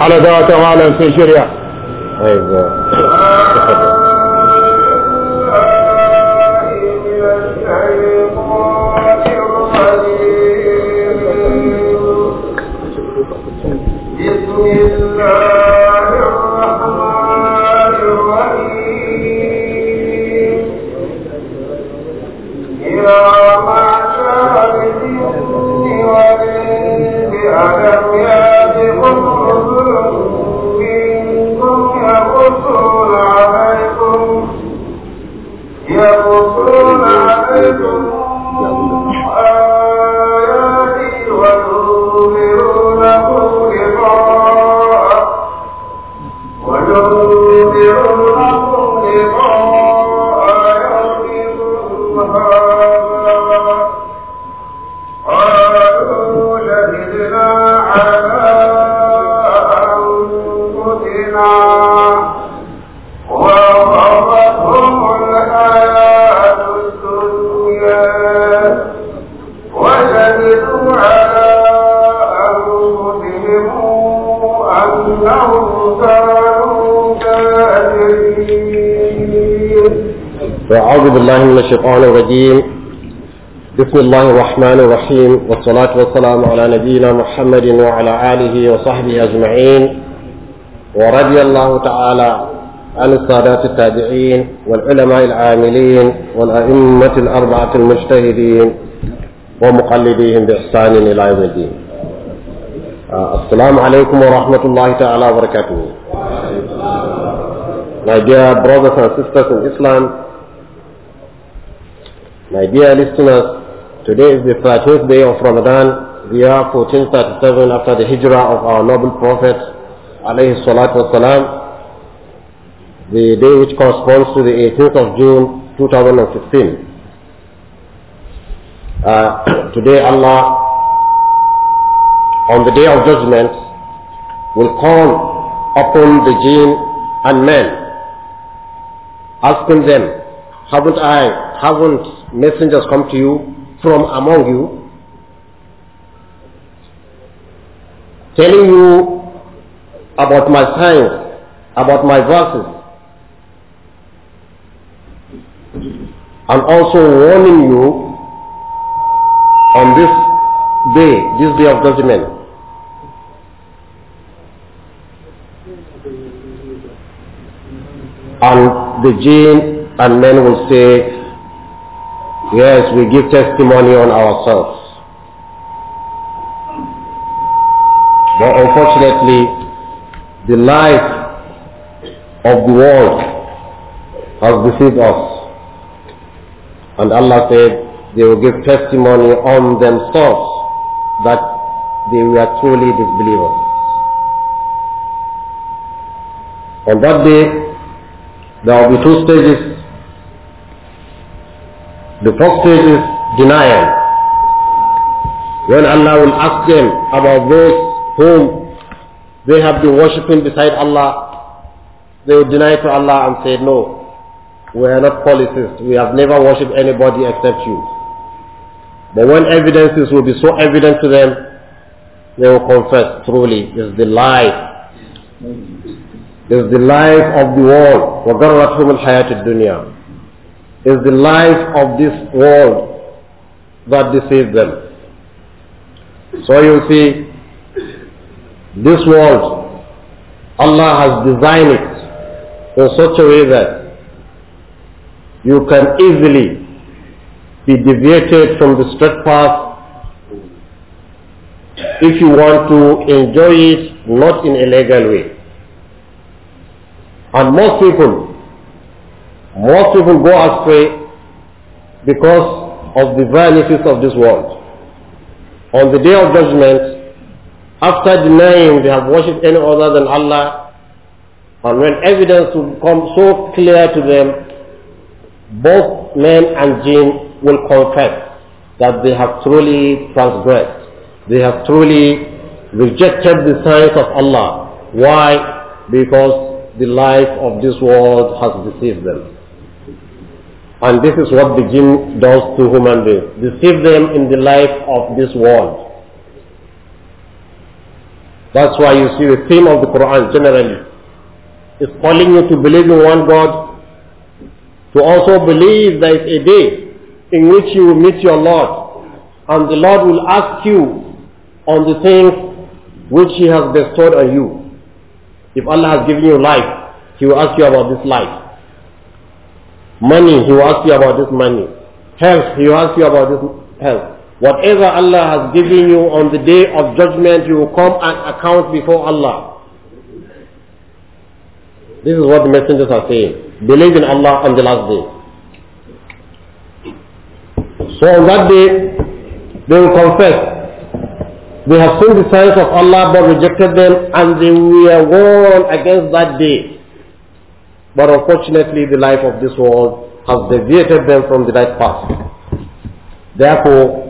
على ذات عالم في شريعة أيوة بالله من الشيطان الرجيم بسم الله الرحمن الرحيم والصلاة والسلام على نبينا محمد وعلى آله وصحبه أجمعين ورضي الله تعالى عن السادات التابعين والعلماء العاملين والأئمة الأربعة المجتهدين ومقلديهم بإحسان إلى يوم الدين آه، السلام عليكم ورحمة الله تعالى وبركاته My dear brothers and sisters in Islam, dear listeners, today is the 13th day of Ramadan, the year 1437 after the hijrah of our noble prophet, alayhi salatu wasalam, the day which corresponds to the 18th of June 2015. Uh, today Allah, on the day of judgment, will call upon the jinn and men, asking them, haven't I haven't messengers come to you from among you, telling you about my signs, about my verses, and also warning you on this day, this day of judgment. And the jinn and men will say, Yes, we give testimony on ourselves. But unfortunately, the life of the world has deceived us. And Allah said they will give testimony on themselves that they were truly disbelievers. On that day, there will be two stages the first stage is denial. When Allah will ask them about those whom they have been worshipping beside Allah, they will deny to Allah and say, no, we are not polytheists. We have never worshipped anybody except you. But when evidences will be so evident to them, they will confess truly is the life. Is the life of the world. وَغَرَّتْهُمُ الْحَيَاةِ الدُّنْيَا is the life of this world that deceives them. So you see, this world, Allah has designed it in such a way that you can easily be deviated from the straight path if you want to enjoy it not in a legal way. And most people most people go astray because of the vanities of this world. On the day of judgment, after denying they have worshipped any other than Allah, and when evidence will become so clear to them, both men and jinn will confess that they have truly transgressed. They have truly rejected the signs of Allah. Why? Because the life of this world has deceived them. And this is what the jinn does to human beings. Deceive them in the life of this world. That's why you see the theme of the Quran generally. is calling you to believe in one God, to also believe there is a day in which you will meet your Lord. And the Lord will ask you on the things which He has bestowed on you. If Allah has given you life, He will ask you about this life. Money, he will ask you about this money. Health, he will ask you about this health. Whatever Allah has given you on the day of judgment, you will come and account before Allah. This is what the messengers are saying. Believe in Allah on the last day. So on that day, they will confess. They have seen the signs of Allah but rejected them and they were warned against that day. But unfortunately, the life of this world has deviated them from the right path. Therefore,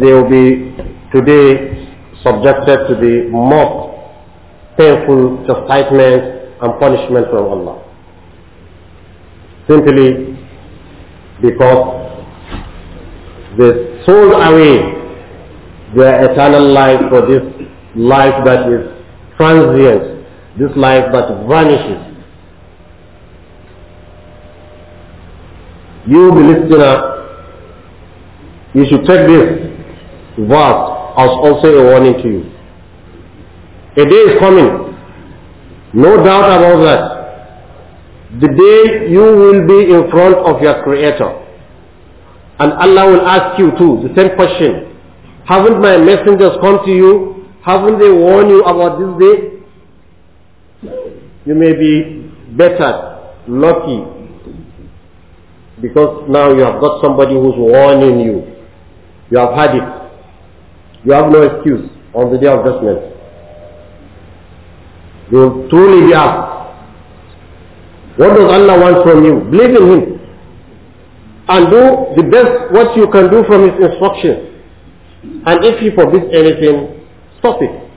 they will be today subjected to the most painful chastisement and punishment from Allah. Simply because they sold away their eternal life for this life that is transient this life that vanishes. You, the listener, you should take this verse as also a warning to you. A day is coming, no doubt about that. The day you will be in front of your Creator. And Allah will ask you too, the same question. Haven't my messengers come to you? Haven't they warned you about this day? You may be better, lucky, because now you have got somebody who's warning you. You have had it. You have no excuse on the day of judgment. You will truly be asked, what does Allah want from you? Believe in Him. And do the best what you can do from His instruction. And if He forbids anything, stop it.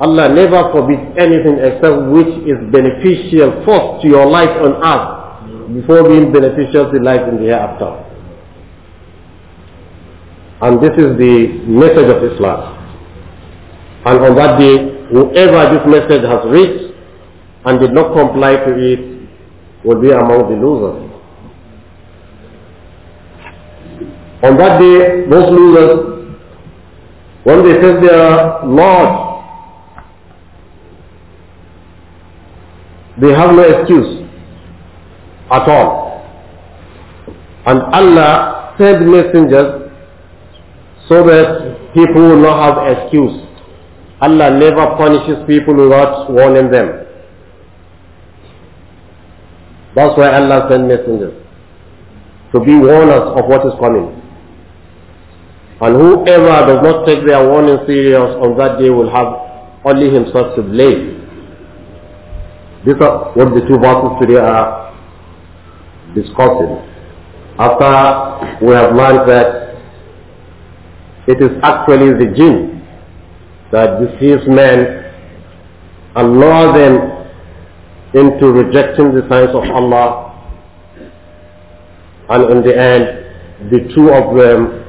Allah never forbids anything except which is beneficial first to your life on earth before being beneficial to life in the hereafter. And this is the message of Islam. And on that day, whoever this message has reached and did not comply to it will be among the losers. On that day, those losers, when they face their Lord, They have no excuse at all. And Allah sent messengers so that people will not have excuse. Allah never punishes people without warning them. That's why Allah sent messengers to be warners of what is coming. And whoever does not take their warning serious on that day will have only himself to blame. This is what the two verses today are discussing. After we have learned that it is actually the jinn that deceives men and lures them into rejecting the signs of Allah and in the end the two of them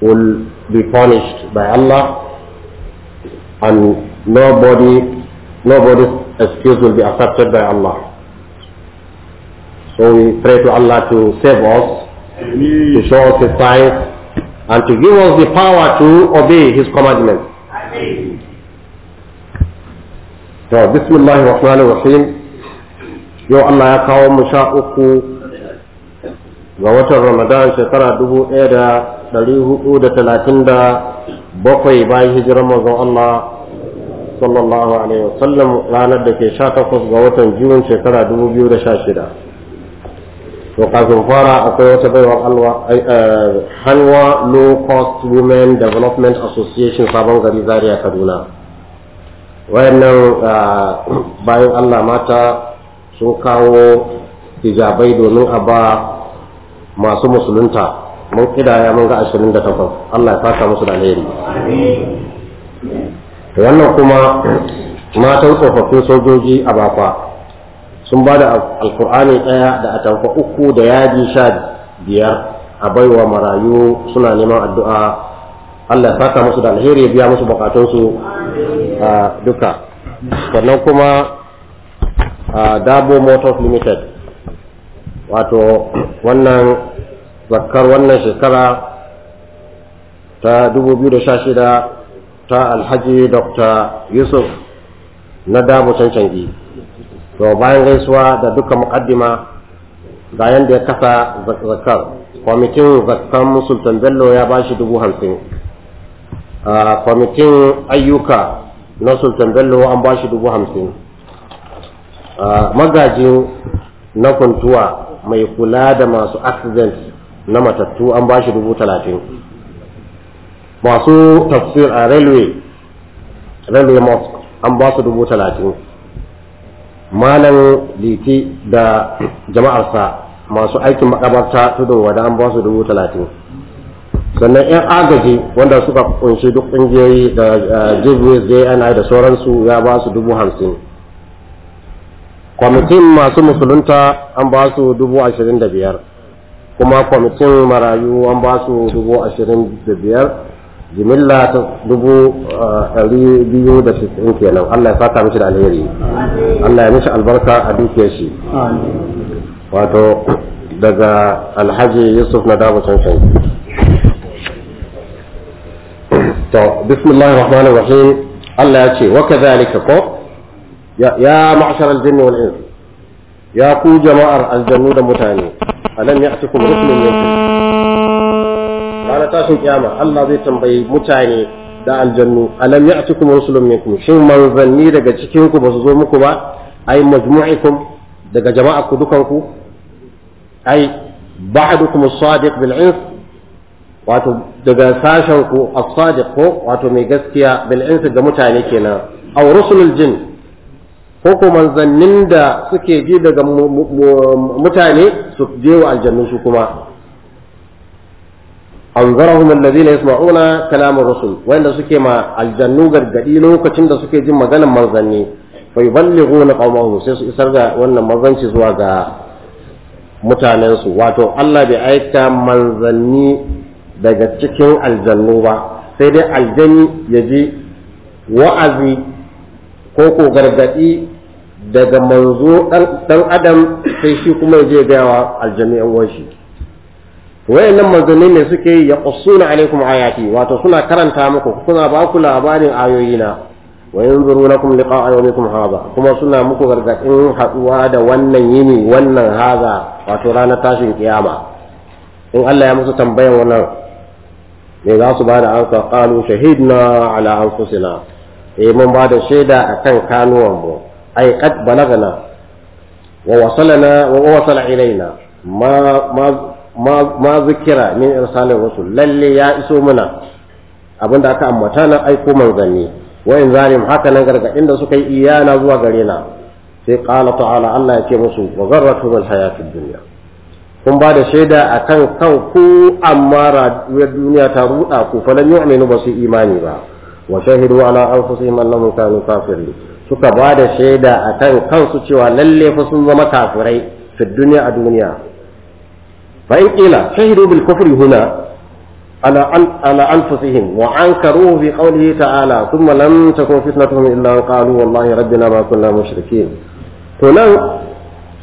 will be punished by Allah and nobody nobody's excuse will be accepted by Allah. So we pray to Allah to save us, Amen. to show us His signs, and to give us the power to obey His commandments. So, Bismillah ar-Rahman ar-Rahim, Yo Allah ya kawo mu sha uku ga watan Ramadan shekara dubu ɗaya da ɗari hudu da talatin da bakwai bayan hijirar manzon Allah sallallahu alaihi wasallam ranar da ke 18 ga watan Jun shekara shida to kafin fara akwai wata baiwa eh, hanwa low cost women development association sabon gari zaria kaduna wayannan eh, bayan allah mata sun kawo hijabai domin a ba masu musulunta mun kidaya mun ga 28 allah ya fasa musu da alheri wannan kuma matan tsofaffin sojoji a bakwa sun ba da alkur'ani ɗaya da atamfa uku da yadi sha biyar a baiwa marayu suna neman addu'a allah saka musu da alheri biya musu bukatunsu a duka sannan kuma a dabo motors limited wato wannan zakar wannan shekara ta 2016 ta alhaji dr yusuf na damu cancangi to bayan gaisuwa da duka mukaddima ga yadda ya kasa zakar kwamitin zakar sultan bello ya ba shi dubu hamsin kwamitin ayyuka na sultan bello an ba shi dubu hamsin magaji na kuntuwa mai kula da masu accident na matattu an ba shi dubu talatin masu tafsir a railway railway mosque an ba su dubu talatin malam liti da jama'arsa masu aikin makabarta tudun wada an ba su dubu talatin sannan 'yan agaji wanda suka kunshi duk ƙungiyoyi da eh, jibis jni da sauransu ya ba su dubu hamsin kwamitin masu musulunta an ba su dubu ashirin da biyar kuma kwamitin marayu an ba su dubu ashirin da biyar جملة دبو ألي بيو دس إنك يا نو الله فاتا مش على هيري الله مش البركة أبي كيشي واتو دجا الحج يوسف ندابو شنشن تو بسم الله الرحمن الرحيم الله يشي وكذلك كو يا معشر الجن والإنس يا كو جماعة الجنود متاني ألم يأتكم رسل منكم ranar tashin kiyama Allah zai tambayi mutane da aljannu alam ya'tikum rusulun minkum shin manzanni daga cikin ku basu zo muku ba ai majmu'ikum daga jama'a ku dukan ku ai ba'dukum as-sadiq bil ins wato daga sashen ku as-sadiq ko wato mai gaskiya bil ins ga mutane kenan aw rusulul jin ko ko manzannin da suke ji daga mutane su je wa aljannu su kuma anzarahum alladhina yasma'una kalam ar-rusul wanda suke ma aljannu gargadi lokacin da suke jin maganar manzanni fa yuballighuna qaumahum sai su isar da wannan manzanci zuwa ga mutanen su wato Allah bai aika manzanni daga cikin aljannu ba sai dai aljanni ya ji wa'azi ko ko gargadi daga manzo dan adam sai shi kuma ya je ga aljannu yan uwan shi wayannan manzanni ne suke yi ya qussuna alaikum ayati wato suna karanta muku suna ba ku labarin ayoyina wa lakum liqa'a yawmikum hadha kuma suna muku gargadin haduwa da wannan yini wannan hadha wato ranar tashin kiyama in Allah ya musu tambayan wannan me za su bada ansa qalu shahidna ala anfusina eh mun bada shaida akan kanuwan mu Ai qad balagana wa wasalana wa wasala ilaina ma ma zikira min irsalin rusul lalle ya iso muna abinda aka ambata na aiko manzanni wa in zalim haka nan gargadin da suka yi iyana zuwa gare na sai qala ta'ala Allah ya ce musu wa zarratu bil hayatid dunya kun ba da shaida akan kan ku amma rayuwar duniya ta ruda ku falan yu'minu ba su imani ba wa shahidu ala anfusihim annahum kanu kafirin suka ba da shaida akan kansu cewa lalle fa sun zama kafirai fi duniya a duniya فإن قيل شهدوا بالكفر هنا على على أنفسهم وأنكروه بقوله تعالى ثم لم تكن فتنتهم إلا أن قالوا والله ربنا ما كنا مشركين هنا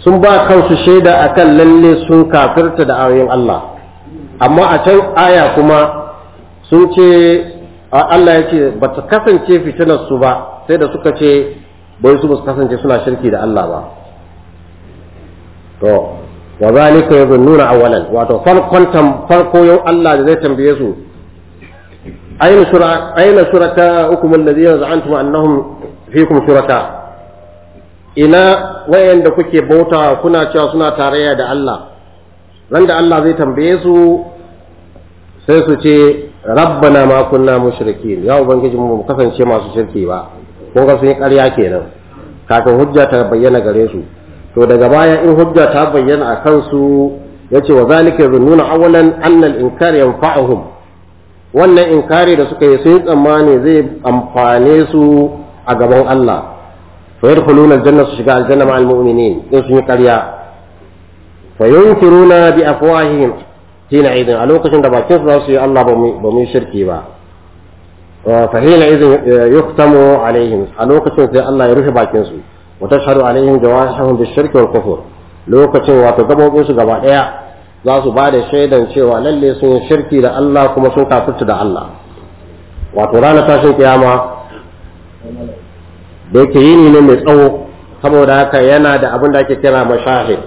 sun ba kansu shaida akan lalle sun kafirta da ayoyin Allah amma a can aya kuma sun ce Allah ya ce ba ta kasance fitinar ba sai da suka ce bai su su kasance suna shirki da Allah ba to wa zalika yadhunnuna awwalan wato farkon farko yau Allah da zai tambaye su aina shuraka aina shuraka ukum alladhina za'antum annahum fikum shuraka ina wayanda kuke bauta kuna cewa suna tarayya da Allah ran da Allah zai tambaye su sai su ce rabbana ma kunna mushrikin ya ubangiji mu kasance masu shirki ba kun ga sun yi ƙarya kenan kafin hujja ta bayyana gare su to daga baya in hujja ta bayyana a kansu ya ce wa zalika nuna awalan anna al-inkar yanfa'uhum wannan inkari da suka yi sun tsammani zai amfane su a gaban Allah fa yadkhuluna al-janna su shiga aljanna ma'al mu'minin in sun yi ƙarya fa yunkiruna bi afwahihim hina idan a lokacin da bakin su za su yi Allah ba mu shirki ba fa hina idin yuktamu alaihim a lokacin sai Allah ya rufe bakin su وتشهد عليهم جوارحهم shirkiwar والكفر lokacin wato gabobin gaba ɗaya za su ba da shaidan cewa lalle sun shirki da Allah kuma sun kafirta da Allah wato ranar tashin kiyama da yake yini ne mai tsawo saboda haka yana da abin da ake kira mashahid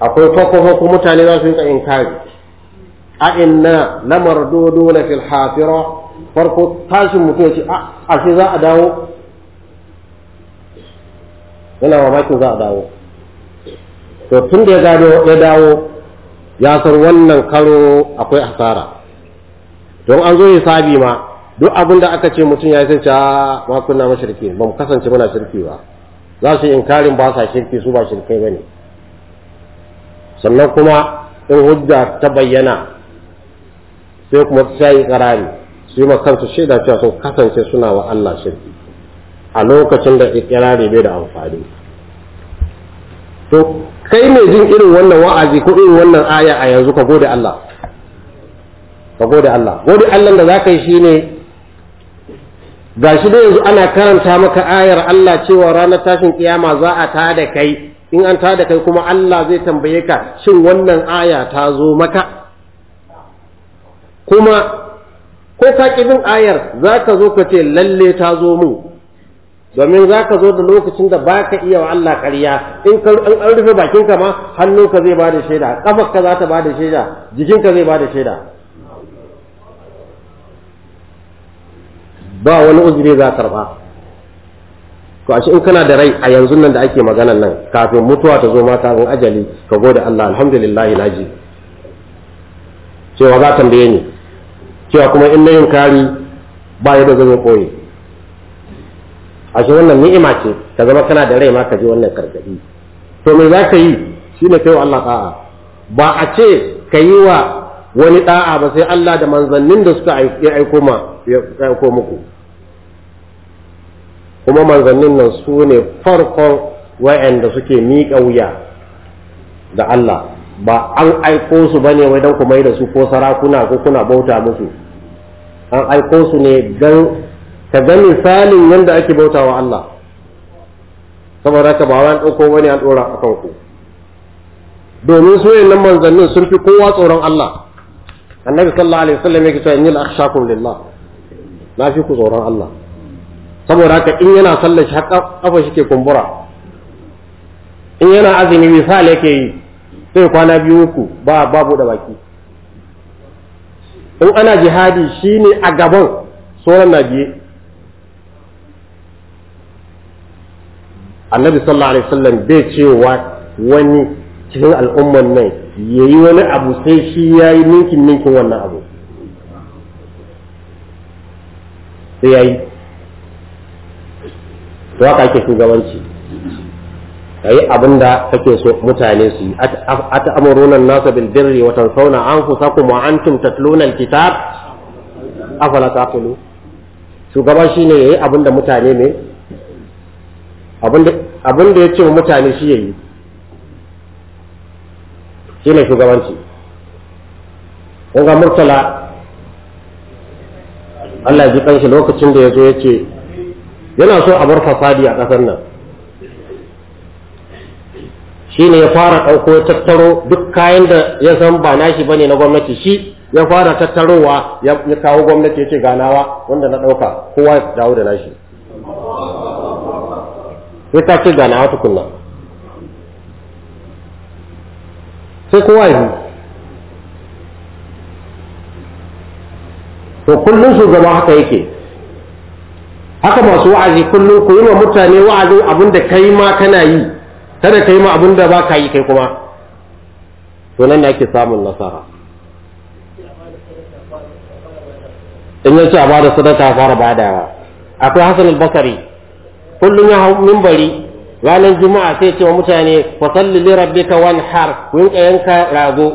akwai kwakwafo mutane za su yi inkari a inna lamar dodo na filhafira farko tashin mutum ce a ashe za a dawo yana mamakin za a dawo to tun da ya ya dawo ya san wannan karo akwai hasara don an zo hisabi ma duk abin da aka ce mutum ya sai ca ah, ma kunna mashirki ba mu kasance muna shirki ba za su yi inkarin ba sa shirki su ba shirkai ne. sannan kuma in hujja ta bayyana sai kuma su yi karari su yi ma kansu shaida cewa sun kasance suna wa Allah shirki a lokacin da ikirari bai da amfani to kai mai jin irin wannan wa'azi ko irin wannan aya a yanzu ka gode Allah ka gode Allah gode Allah da zaka yi shine gashi da yanzu ana karanta maka ayar Allah cewa ranar tashin kiyama za a ta da kai in an ta da kai kuma Allah zai tambaye ka shin wannan aya ta zo maka kuma ko ka bin ayar za ka zo ka ce lalle ta zo mu domin za ka zo da lokacin da ba ka iya wa Allah ƙarya in an rufe bakinka ma hannunka zai ba da shaida ƙafarka za ta ba da shaida jikinka zai ba da shaida ba wani uzuri za karba to ashe in kana da rai a yanzu nan da ake maganan nan kafin mutuwa ta zo ma kafin ajali ka gode Allah alhamdulillah ji. cewa za tambaye ni cewa kuma in na yin kari ba da zan koyi a ashe wannan ni'ima ce ka zama kana da rai ma ka ji wannan gargadi to me za ka yi ne kai wa Allah ta'a ba a ce ka yi wa wani da'a ba sai Allah da manzannin da suka aiko ma ya aiko muku kuma manzannin nan su ne farkon wa'anda suke miƙa wuya da Allah ba an aiko su bane wai dan ku mai da su ko sarakuna ko kuna bauta musu an aiko su ne dan ka ga misalin yadda ake bauta wa Allah saboda ka bawa an ɗauko wani an ɗora a ku domin su nan manzannin sun fi kowa tsoron Allah annabi sallallahu alaihi wasallam yake cewa inni akhshakum lillah na fi ku tsoron Allah saboda haka in yana sallar shi haka kafa shi ke kumbura in yana azumi misali yake yi sai kwana biyu uku ba babu da baki in ana jihadi shine a gaban sauran na biye annabi sallallahu alaihi wasallam bai cewa wani cikin al'umman nan yayi wani abu sai shi yayi ninkin ninkin wannan abu sai yayi to haka ake shugabanci kayi abin da kake so mutane su yi at'amuruna an-nasa bil birri wa tansawna anfusakum wa antum tatluna al-kitab afala taqulu shugaba shine yayi abin da mutane ne abin da ya ce wa mutane shi ya yi shi ne shugabanci ga murtala Allah ya ji kanshi lokacin da ya zo ya ce yana so a bar fasadi a ƙasar nan shi ne ya fara ɗauko ya tattaro duk kayan da ya san ba nashi bane na gwamnati shi ya fara tattarowa ya kawo gwamnati ya ce ganawa wanda na ɗauka kowa ya dawo da nashi sai ka ce gane wata kunna sai kowa yi to kullum su gaba haka yake haka masu wa'azi kullum ku yi wa mutane wa'azi abin da kai ma kana yi kada kai ma abin da ba ka yi kai kuma to nan ne ake samun nasara in yace a bada sadaka fara badawa akwai hasan al kullum ya hau mimbari ranar juma'a sai ce wa mutane fa salli li rabbika wanhar ku yanka yanka rago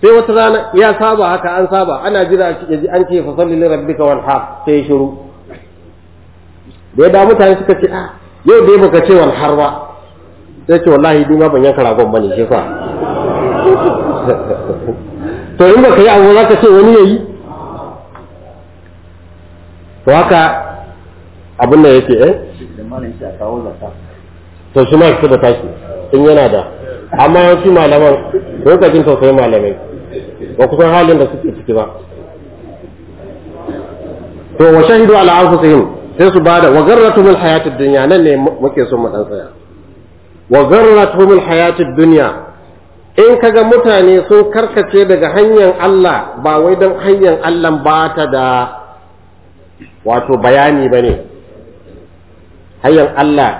sai wata rana ya saba haka an saba ana jira yaji an ce fa salli li rabbika wanhar sai shiru da da mutane suka ce ah yau dai baka ce wanhar ba sai ce wallahi duma ban yanka ragon bane shi fa to in baka yi abu za ka ce wani yayi to haka abin da yake eh malam sai a kawo zakka to shi ma shi da tashi in yana da amma yawanci malaman lokacin jin tausayin malamai ba kusan halin da suke ciki ba to wa shahidu ala anfusihim sai su bada wa garratuhum alhayat ad-dunya nan ne muke so mu dan tsaya wa garratuhum alhayat ad-dunya in kaga mutane sun karkace daga hanyar Allah ba wai don hanyar Allah ba ta da wato bayani ba ne hanyar Allah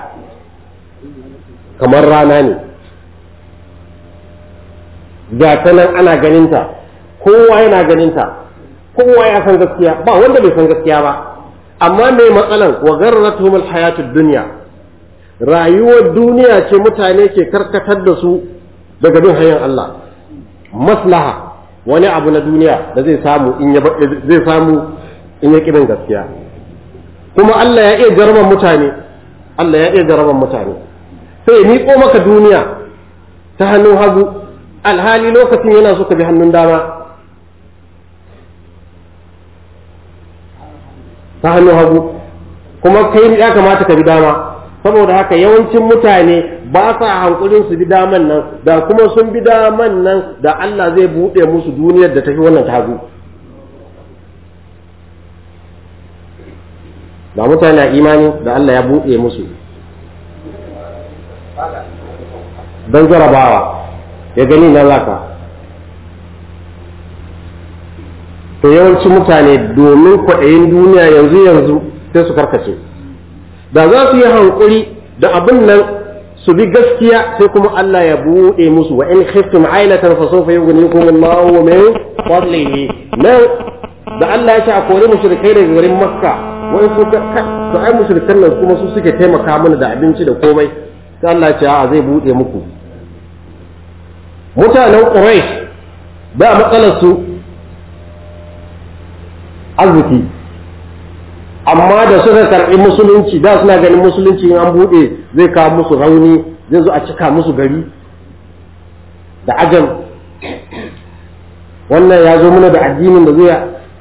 kamar rana ne ga tanan nan ana ganinta kowa yana ganinta kowa ya san gaskiya ba wanda bai san gaskiya ba amma mai matsalan wa garratuhum alhayatud dunya rayuwar duniya ce mutane ke karkatar da su daga bin hanyar Allah maslaha wani abu na duniya da zai samu in ya zai samu in ya kirin gaskiya kuma Allah ya iya jarman mutane Allah ya iya jaraban mutane sai ya miƙo maka duniya ta hannun hagu alhali lokacin yana so ka bi hannun dama ta hannun hagu kuma kai ya kamata ka bi dama saboda haka yawancin mutane ba sa hankulin su bi daman nan da kuma sun bi daman nan da Allah zai buɗe musu duniyar da tafi wannan ta hagu ba mutane na imani da Allah ya buɗe musu don jarabawa ya gani na laka to yawanci mutane domin kwaɗayin duniya yanzu yanzu sai su karkace da za su yi hankuri da abin nan su bi gaskiya sai kuma Allah ya buɗe musu wa in khiftum ailatan fa sawfa yughnikum Allahu min fadlihi nan da Allah ya ce a kore mushrikai daga garin Makka wai ku to ai musulkan nan kuma su suke taimaka mana da abinci da komai sai Allah ya ce a zai bude muku mutanen quraish ba matsalar su arziki amma da suka karbi musulunci da suna ganin musulunci an buɗe zai kawo musu rauni zai zo a cika musu gari da ajal wannan ya zo mana da addinin da zai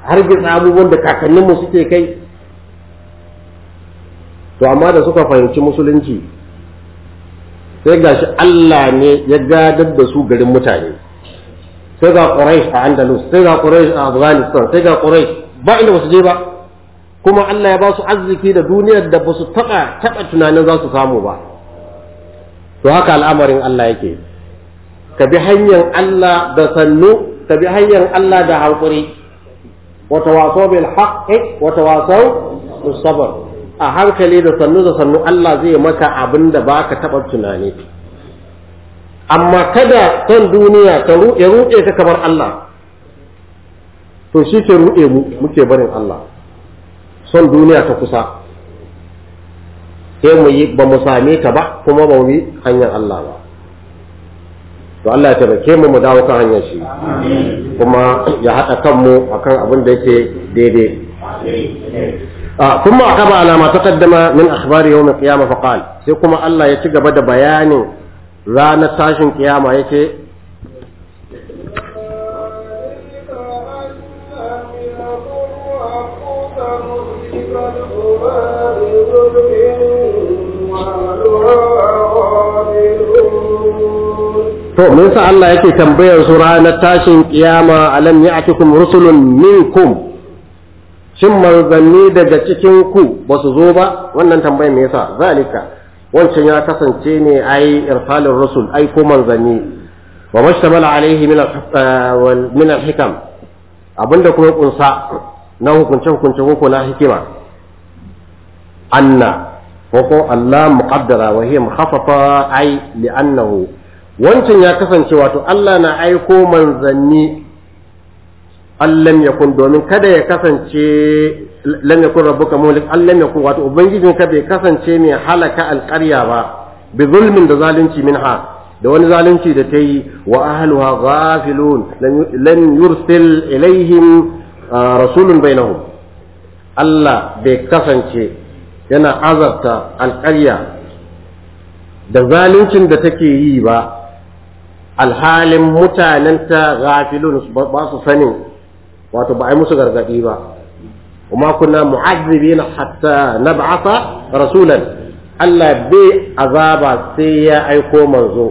hargitsa abubuwan da kakanninmu suke kai to amma da suka fahimci musulunci sai gashi Allah ne ya gadar da su garin mutane sai ga Quraysh a Andalus sai ga Quraysh a Afghanistan sai ga Quraysh ba inda su je ba kuma Allah ya ba su arziki da duniyar da ba su taba taba tunanin za su samu ba to haka al'amarin Allah yake ka bi hanyar Allah da sannu ka bi hanyar Allah da hankuri wa tawasaw bil haqqi wa tawasaw bis sabr a hankali da sannu da sannu Allah zai maka abin da ba ka taɓa tunani amma kada son duniya ta ya ruɗe ka kamar Allah to shi ke ruɗe mu muke barin Allah son duniya ta kusa sai mu yi ba mu same ta ba kuma ba mu yi hanyar Allah ba to Allah ya taimake mu mu dawo kan hanyar shi kuma ya haɗa kanmu akan abin da yake daidai آه ثم عقب على ما تقدم من أخبار يوم القيامة فقال سيقوم الله يتقى بدا بيان رانا تاشن قيامة يتي to mun sa Allah yake tambayar su ranar tashin kiyama alam ya'tikum rusulun minkum shin manzanni daga cikin ku ba su zo ba wannan tambayar me yasa zalika wancan ya kasance ne ai irsalin Rasul, ai ko manzanni wa mashtamala alaihi min al-hikam eh, abinda kuma kunsa na hukunce hukunce ko na hikima anna ko Allah muqaddara wa hiya mukhaffafa ai li'annahu wancan ya kasance wato Allah na aiko manzanni allam yakun domin kada ya kasance lam yakun rabbuka mulik allam yakun wato ubangijin ka bai kasance mai halaka alƙarya ba bi zulmin da zalunci minha da wani zalunci da ta yi wa ahluha ghafilun lan yursil ilaihim ah, rasulun bainahum Allah bai kasance yana azabta alƙarya da zaluncin da take yi ba alhalin mutanenta ghafilun ba su sanin wato ba a yi musu gargaɗi ba kuma kunna mu'azzibina hatta nab'atha rasulan Allah bai azaba sai ya aiko manzo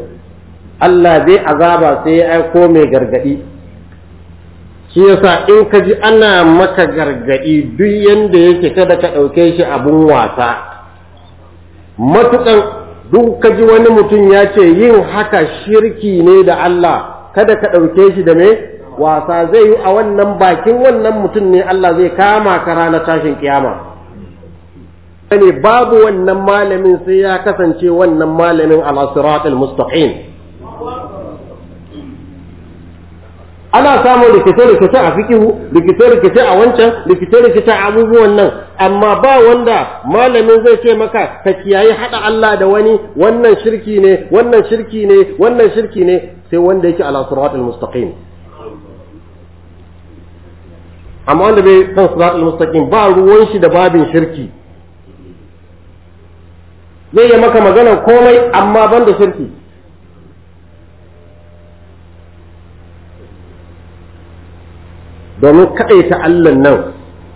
Allah bai azaba sai ya aiko mai gargaɗi shi yasa in ka ji ana maka gargaɗi duk yanda yake kada ka ɗauke shi abun wasa matukan duk ka ji wani mutum ya ce yin haka shirki ne da Allah kada ka ɗauke shi da me wasa zai yi a wannan bakin wannan mutum ne Allah zai kama ka ranar tashin kiyama Wani babu wannan malamin sai ya kasance wannan malamin ala mustaqim ana samun rikice-rikice a fikihu rikice-rikice a wancan rikice-rikice a abubuwan nan amma ba wanda malamin zai ce maka ka kiyaye haɗa Allah da wani wannan shirki ne wannan shirki ne wannan shirki ne sai wanda yake ala siratul mustaqim amma wanda bai kan siratul mustaqim ba ruwan shi da babin shirki zai yi maka maganar komai amma ban da shirki domin ta Allah nan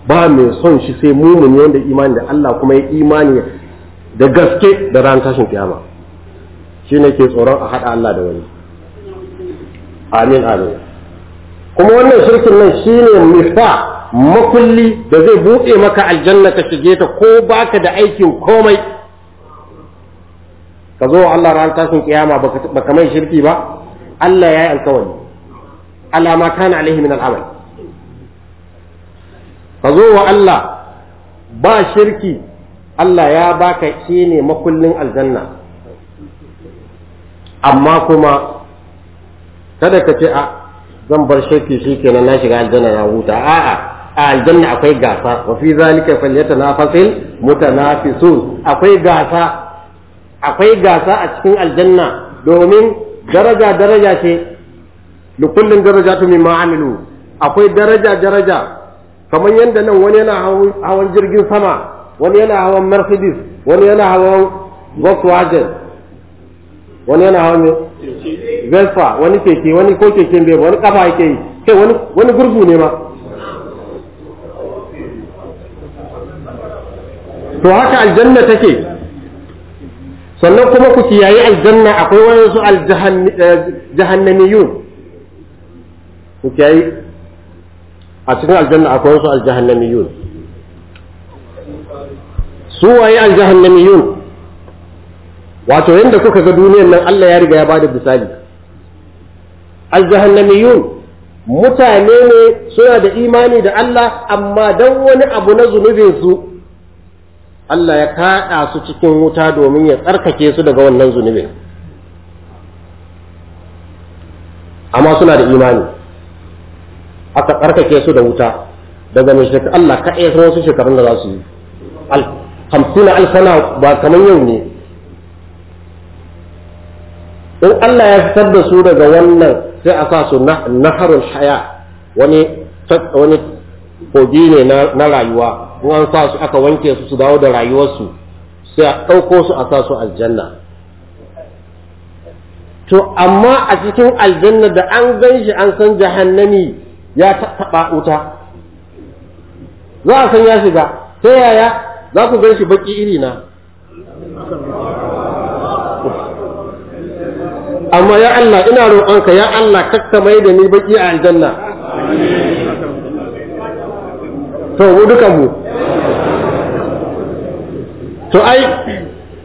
ba mai son shi sai mumuni wanda imani da Allah kuma ya imani da gaske da ran tashin kiyama shine ke tsoron a haɗa Allah da wani amin amin kuma wannan shirkin nan shine mifa makulli da zai buɗe maka aljanna ka shige ta ko baka da aikin komai ka zo Allah ran tashin kiyama baka mai shirki ba Allah ya yi alkawari ala ma kana alaihi min al'amal ka zo wa Allah ba shirki Allah ya baka shine makullin aljanna amma kuma kada ka ce a zan bar shirki shi kenan na shiga aljanna na huta a'a a aljanna akwai gasa wa fi zalika falyatanafasil mutanafisun akwai gasa akwai gasa a cikin aljanna domin daraja daraja ce kullin darajatu mimma amilu akwai daraja daraja kamar yadda nan wani yana hawan jirgin sama wani yana hawan mercedes wani yana hawan volkswagen wani yana hawan velfa wani keke wani ko keken bai wani kafa yake yi kai wani wani gurgu ne ma to haka aljanna take sannan kuma ku kiyaye aljanna akwai wayansu aljahannamiyun eh, ku kiyaye a cikin aljanna akwai wasu aljahannamiyun su waye aljahannamiyun wato yadda kuka ga duniyan nan Allah ya riga ya bada misali aljahannamiyun mutane ne suna da imani da Allah amma dan wani abu na zunubin su Allah ya kaɗa su cikin wuta domin ya tsarkake su daga wannan zunubin amma suna da imani aka tsarkake su da wuta daga mai shekaru Allah ka iya wasu shekarun da za su yi hamsina alfana ba kaman yau ne in Allah ya fitar da su daga wannan sai a sa su harin haya wani wani kogi ne na rayuwa in an sa su aka wanke su su dawo da rayuwarsu sai a ɗauko su a sa su aljanna to amma a cikin aljanna da an gan shi an san jahannami ya taɓa wuta za a san ya shiga ta yaya za ku gan shi baƙi irina amma ya Allah ina roƙonka ya Allah kakka mai da ni baki a aljanna to mu duka mu to ai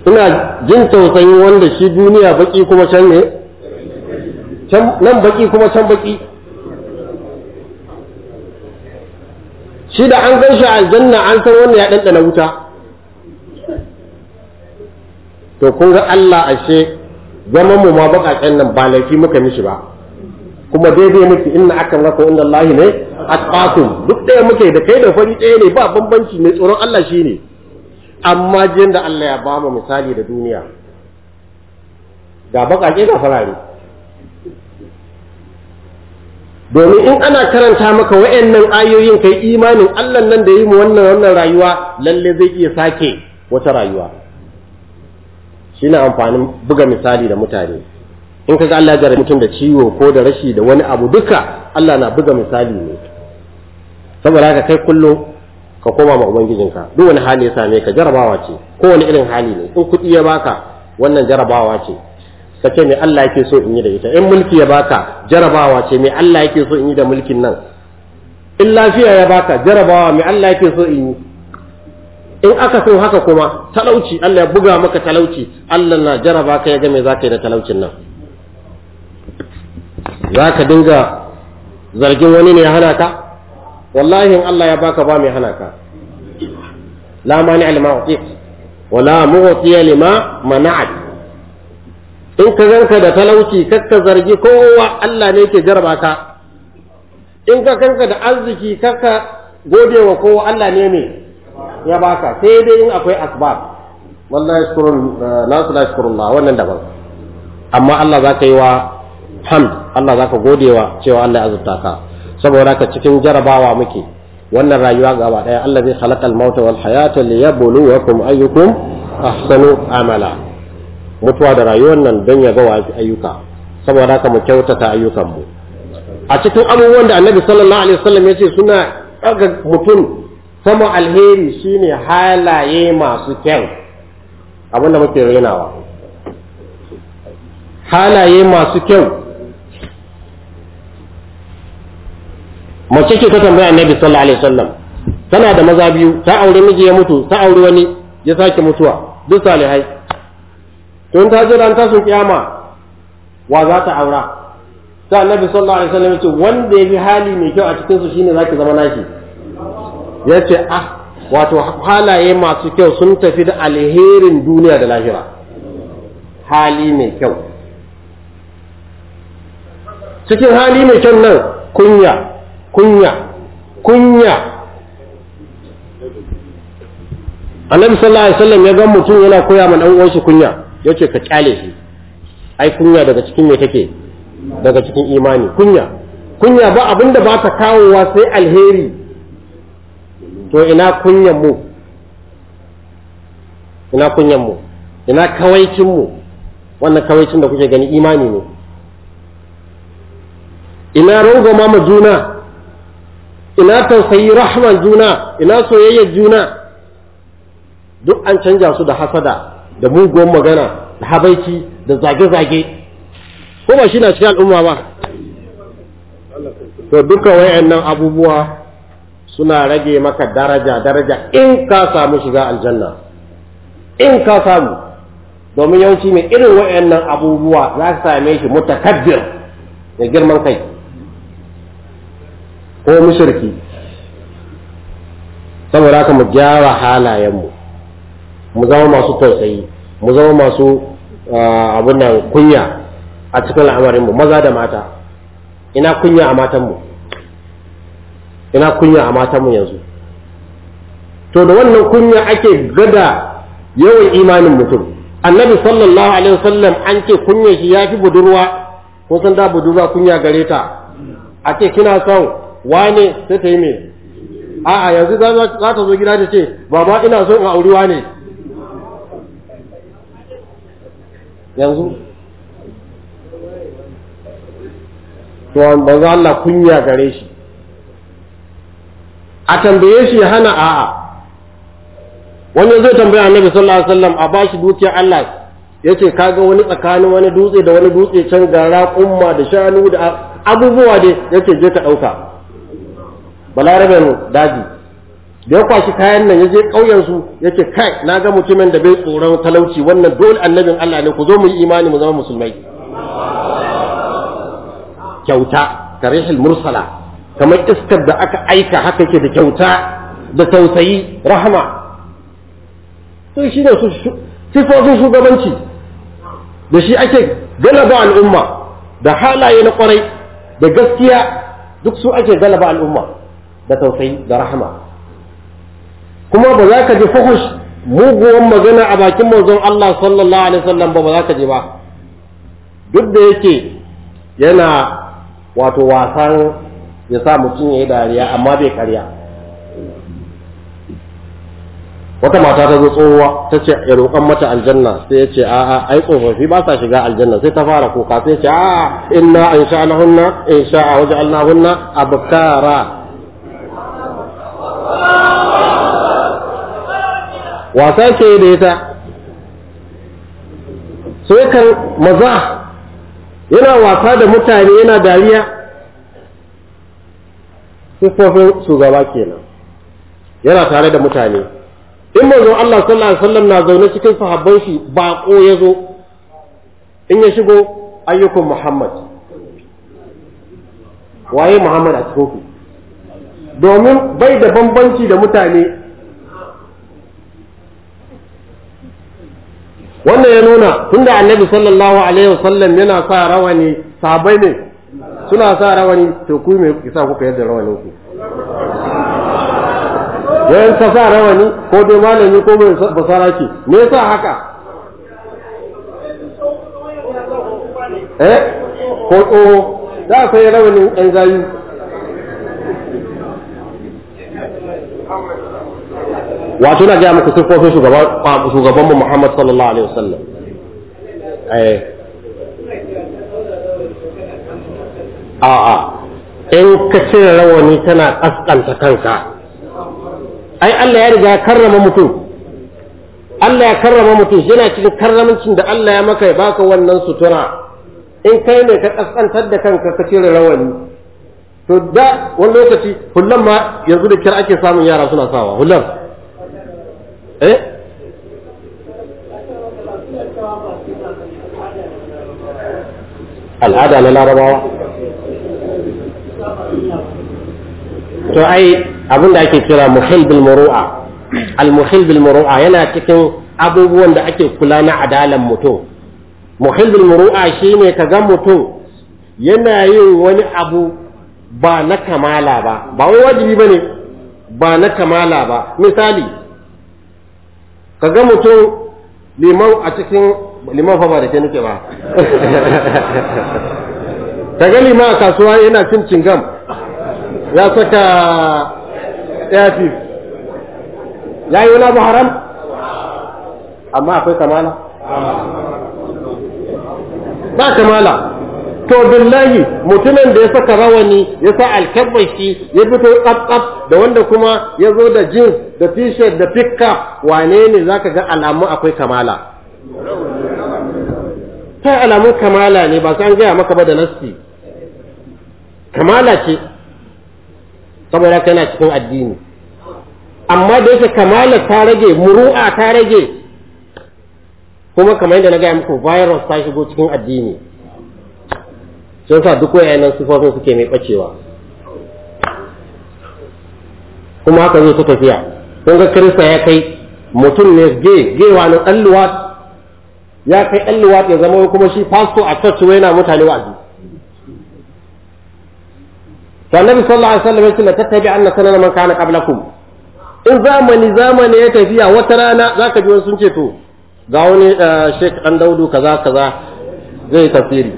ina jin tausayin wanda shi duniya baki kuma can ne nan baki kuma can baki shi da an gan shi aljanna an san wanda ya ɗanɗana wuta to kun ga Allah ashe zaman mu ma bakaken nan ba laifi muka mishi ba kuma daidai muke inna akan rako inna Allah ne atqakum duk ɗaya muke da kai da fari ɗaya ne ba bambanci mai tsoron Allah shine amma jin da Allah ya ba mu misali da duniya ga bakake ga farare domin in ana karanta maka wayannan ayoyin kai imanin Allah nan da yi mu wannan wannan rayuwa lalle zai iya sake wata rayuwa shine amfanin buga misali da mutane in kaga Allah ya mutum da ciwo ko da rashi da wani abu duka Allah na buga misali ne saboda haka kai kullo ka koma ma ubangijinka duk wani hali ya same ka jarabawa ce ko wani irin hali ne in kuɗi ya baka wannan jarabawa ce ka ce me Allah yake so in yi da ita in mulki ya baka jarabawa ce me Allah yake so in yi da mulkin nan in lafiya ya baka jarabawa me Allah yake so in yi in aka so haka kuma talauci Allah ya buga maka talauci Allah na jaraba ka ya ga me za ka yi da talaucin nan za ka dinga zargin wani ne ya hana ka wallahi in Allah ya baka ba mai hana ka la mani lima utik wala mughtiya lima mana'at in ka ganka da talauci kakka zargi kowa Allah ne yake jaraba ka in ka kanka da arziki kakka gode wa kowa Allah ne ne ya baka sai dai in akwai asbab wallahi yashkurun eh, nasu la yashkurullah wannan daban amma Allah zaka yi wa hamd Allah zaka godewa cewa Allah ya azurta ka saboda ka cikin jarabawa muke wannan rayuwa gaba daya Allah zai khalaqal mauta wal hayata liyabluwakum ayyukum ahsanu amala mutuwa da rayuwar nan don ya ga ayyuka saboda ka mu kyautata ayyukanmu a cikin abubuwan da annabi sallallahu alaihi wasallam ya ce suna ɗaga mutum Sama alheri shine halaye masu kyau abinda muke rainawa halaye masu kyau mace ke ta tambaya annabi sallallahu alaihi wasallam tana da maza biyu ta aure miji ya mutu ta aure wani ya sake mutuwa duk salihai to in ta je ran tasun kiyama wa za ta aura sai annabi sallallahu alaihi wasallam ya ce wanda ya fi hali mai kyau a cikin su shine zaki zama naki ya ce ah wato halaye masu kyau sun tafi da alherin duniya da lahira hali mai kyau cikin hali mai kyau nan kunya kunya kunya annabi sallallahu alaihi wasallam ya ga mutum yana koya ma dan uwansa kunya yace ka kyale shi ai kunya daga cikin me take daga cikin imani kunya kunya ba abinda ba ta kawowa sai alheri to ina kunyan mu ina kunyan mu ina kawaicin mu wannan kawaicin da kuke gani imani ne ina rogo ma juna ina tausayi rahman juna ina soyayyar juna duk an canja su da hasada da mugun magana da habaici da zage-zage ko ba shi na cikin al'umma ba to duka wayannan abubuwa suna rage maka daraja daraja in ka samu shiga aljanna in ka samu domin yawanci mai irin wayannan abubuwa za ka same shi mutakabbir da girman kai ko mushirki saboda haka mu gyara halayenmu mu zama masu tausayi mu zama masu ah, abin nan kunya a cikin al'amarinmu maza da mata ina kunya a matanmu ina kunya a matanmu yanzu to da wannan kunya ake gada yawan imanin mutum annabi sallallahu alaihi wasallam an ce kunya shi yafi budurwa ko san da budurwa kunya gare ta a kina son wane sai ta yi me a'a yanzu za ta zo gida ta ce baba ina son in auri wane yanzu to manzo Allah kunya gare shi a tambaye shi ya hana a'a wani zai tambaya annabi sallallahu alaihi wasallam a bashi dukiyar Allah yace kaga wani tsakanin wani dutse da wani dutse can ga raƙumma da shanu da abubuwa da yace je ka dauka mu daji da ya kwashi kayan nan yaje kauyen su yace kai na ga mutumin da bai tsoron talauci wannan dole annabin Allah ne ku zo mu yi imani mu zama musulmai kyauta karihil mursala kamar iskar da aka aika haka ke da kyauta da tausayi rahama to shi ne sifofin shugabanci da shi ake galaba al'umma da halaye na kwarai da gaskiya duk su ake galaba al'umma da tausayi da rahama kuma ba za ka ji fahush muguwan magana a bakin manzon Allah sallallahu alaihi wasallam ba ba za ka ji ba duk da yake yana wato wasan ya sa mutum ya yi dariya amma bai karya wata mata ta zo tsohuwa ta ce ya roƙon mata aljanna sai ya ce a'a ai tsofaffi ba sa shiga aljanna sai ta fara kuka sai ya ce a'a inna in sha lahunna in sha a waje allahunna abkara wasa ke da ita sai yakan maza yana wasa da mutane yana dariya siffofin shugaba kenan yana tare da mutane in manzon Allah sallallahu alaihi wasallam na zaune cikin sahabban shi bako ya zo in ya shigo ayyukan Muhammad waye Muhammad a cikin domin bai da bambanci da mutane wannan ya nuna tunda annabi sallallahu alaihi wasallam yana sa rawani sabai ne suna sa rawani to ku me isa kuka yadda rawani ku yayin ta sa rawani ko dai malami ko mai basara ce me yasa haka eh ko tsoho da sai rawani ɗan zayi wato na gaya muku siffofin shugaban mu Muhammad sallallahu alaihi wasallam eh a'a in ka cire rawani tana kaskanta kanka ai Allah ya riga ya karrama mutum Allah ya karrama mutum yana cikin karramancin da Allah ya maka ya baka wannan sutura in kai ne ka kaskantar da kanka ka cire rawani to da wani lokaci hullan ma yanzu da kira ake samun yara suna sawa hullan eh al'ada na larabawa to ai abin da ake kira muhil bil muru'a al muhil bil muru'a yana cikin abubuwan da ake kula na adalan mutum muhil bil muru'a shine ka ga mutum yana yin wani abu ba na kamala ba ba wai wajibi bane ba na kamala ba misali ka ga mutum liman a cikin liman fa ba da ke nake ba ka ga liman a kasuwa yana cin cingam rakwata ɗafi ya yi wani abu haram amma akwai kamala ba kamala to billahi mutumin da ya saka rawani ya sa alkabbar shi ya fito tsaf da wanda kuma ya zo da jeans da t-shirt da fikka wane ne ka ga alamu akwai kamala ta alamun kamala ne ba su an gaya maka ba da nasti kamala ce saboda haka yana cikin addini amma da yake kamala ta rage muru'a ta rage kuma kamar yadda na gaya muku virus ta shigo cikin addini sun sa duk su sufofin suke mai bacewa kuma haka zai ta tafiya kun ga kirista ya kai mutum ne ge gewa na ɗan ya kai ɗan ya zama kuma shi fasto a church yana mutane wa'azi to annabi sallallahu alaihi wasallam yace la tattabi anna sanana man kana qablakum in zamani zamani ya tafiya wata rana zaka ji wasu sun ce to ga wani Sheikh Dan Daudu kaza kaza zai tafsiri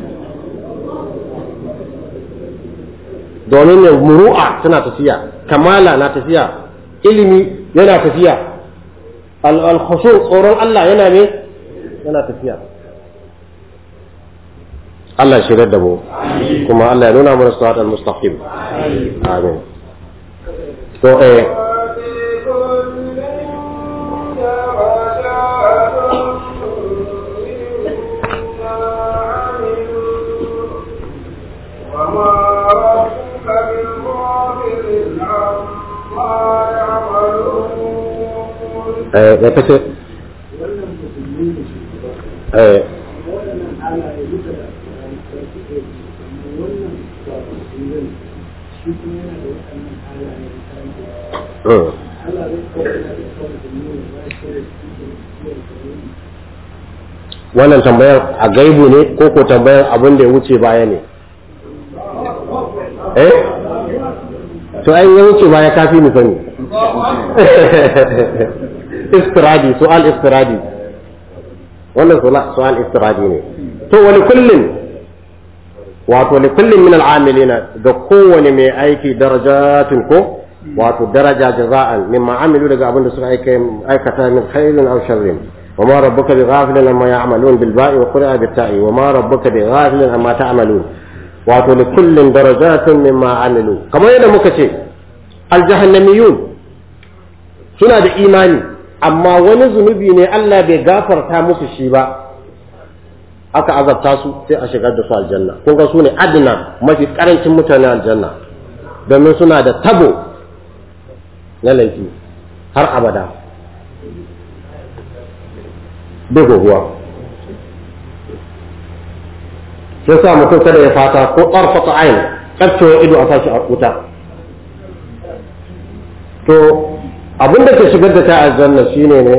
domin muru'a tana tafiya kamala na tafiya ilimi yana tafiya tsoron Allah yana tafiya الله يشهد دمو كما الله ينونا من الصلاة المستقيم آمين تو اي ايه ايه Hmm. wannan tambayar a gaibu ne ko ko tambayar abin da ya wuce baya ne eh to ai ya wuce baya kafi mu sani istiradi su'al istiradi wannan su'al istiradi ne to wani kullum wato li kullum min al'amilina da kowane mai aiki darajatun ko wato daraja jaza'an min ma'amilu daga abin da suka aikata min khairin aw sharrin wa ma rabbuka bi ghafilin amma ya'malun bil ba'i wa qira'a bit ta'i wa ma rabbuka bi ghafilin amma ta'malun wato li kullum darajatun min ma'amilu kamar yadda muka ce al jahannamiyun suna da imani amma wani zunubi ne Allah bai gafarta musu shi ba aka azabta su sai a shigar da su aljanna kun ga su ne adina mafi karancin mutane aljanna domin suna da tabo na laifi har abada bai goguwa sai sa mutum kada ya fata ko tsarfata ayin karcewa ido a sashi a wuta to abun da ke shigar da ta aljanna shine ne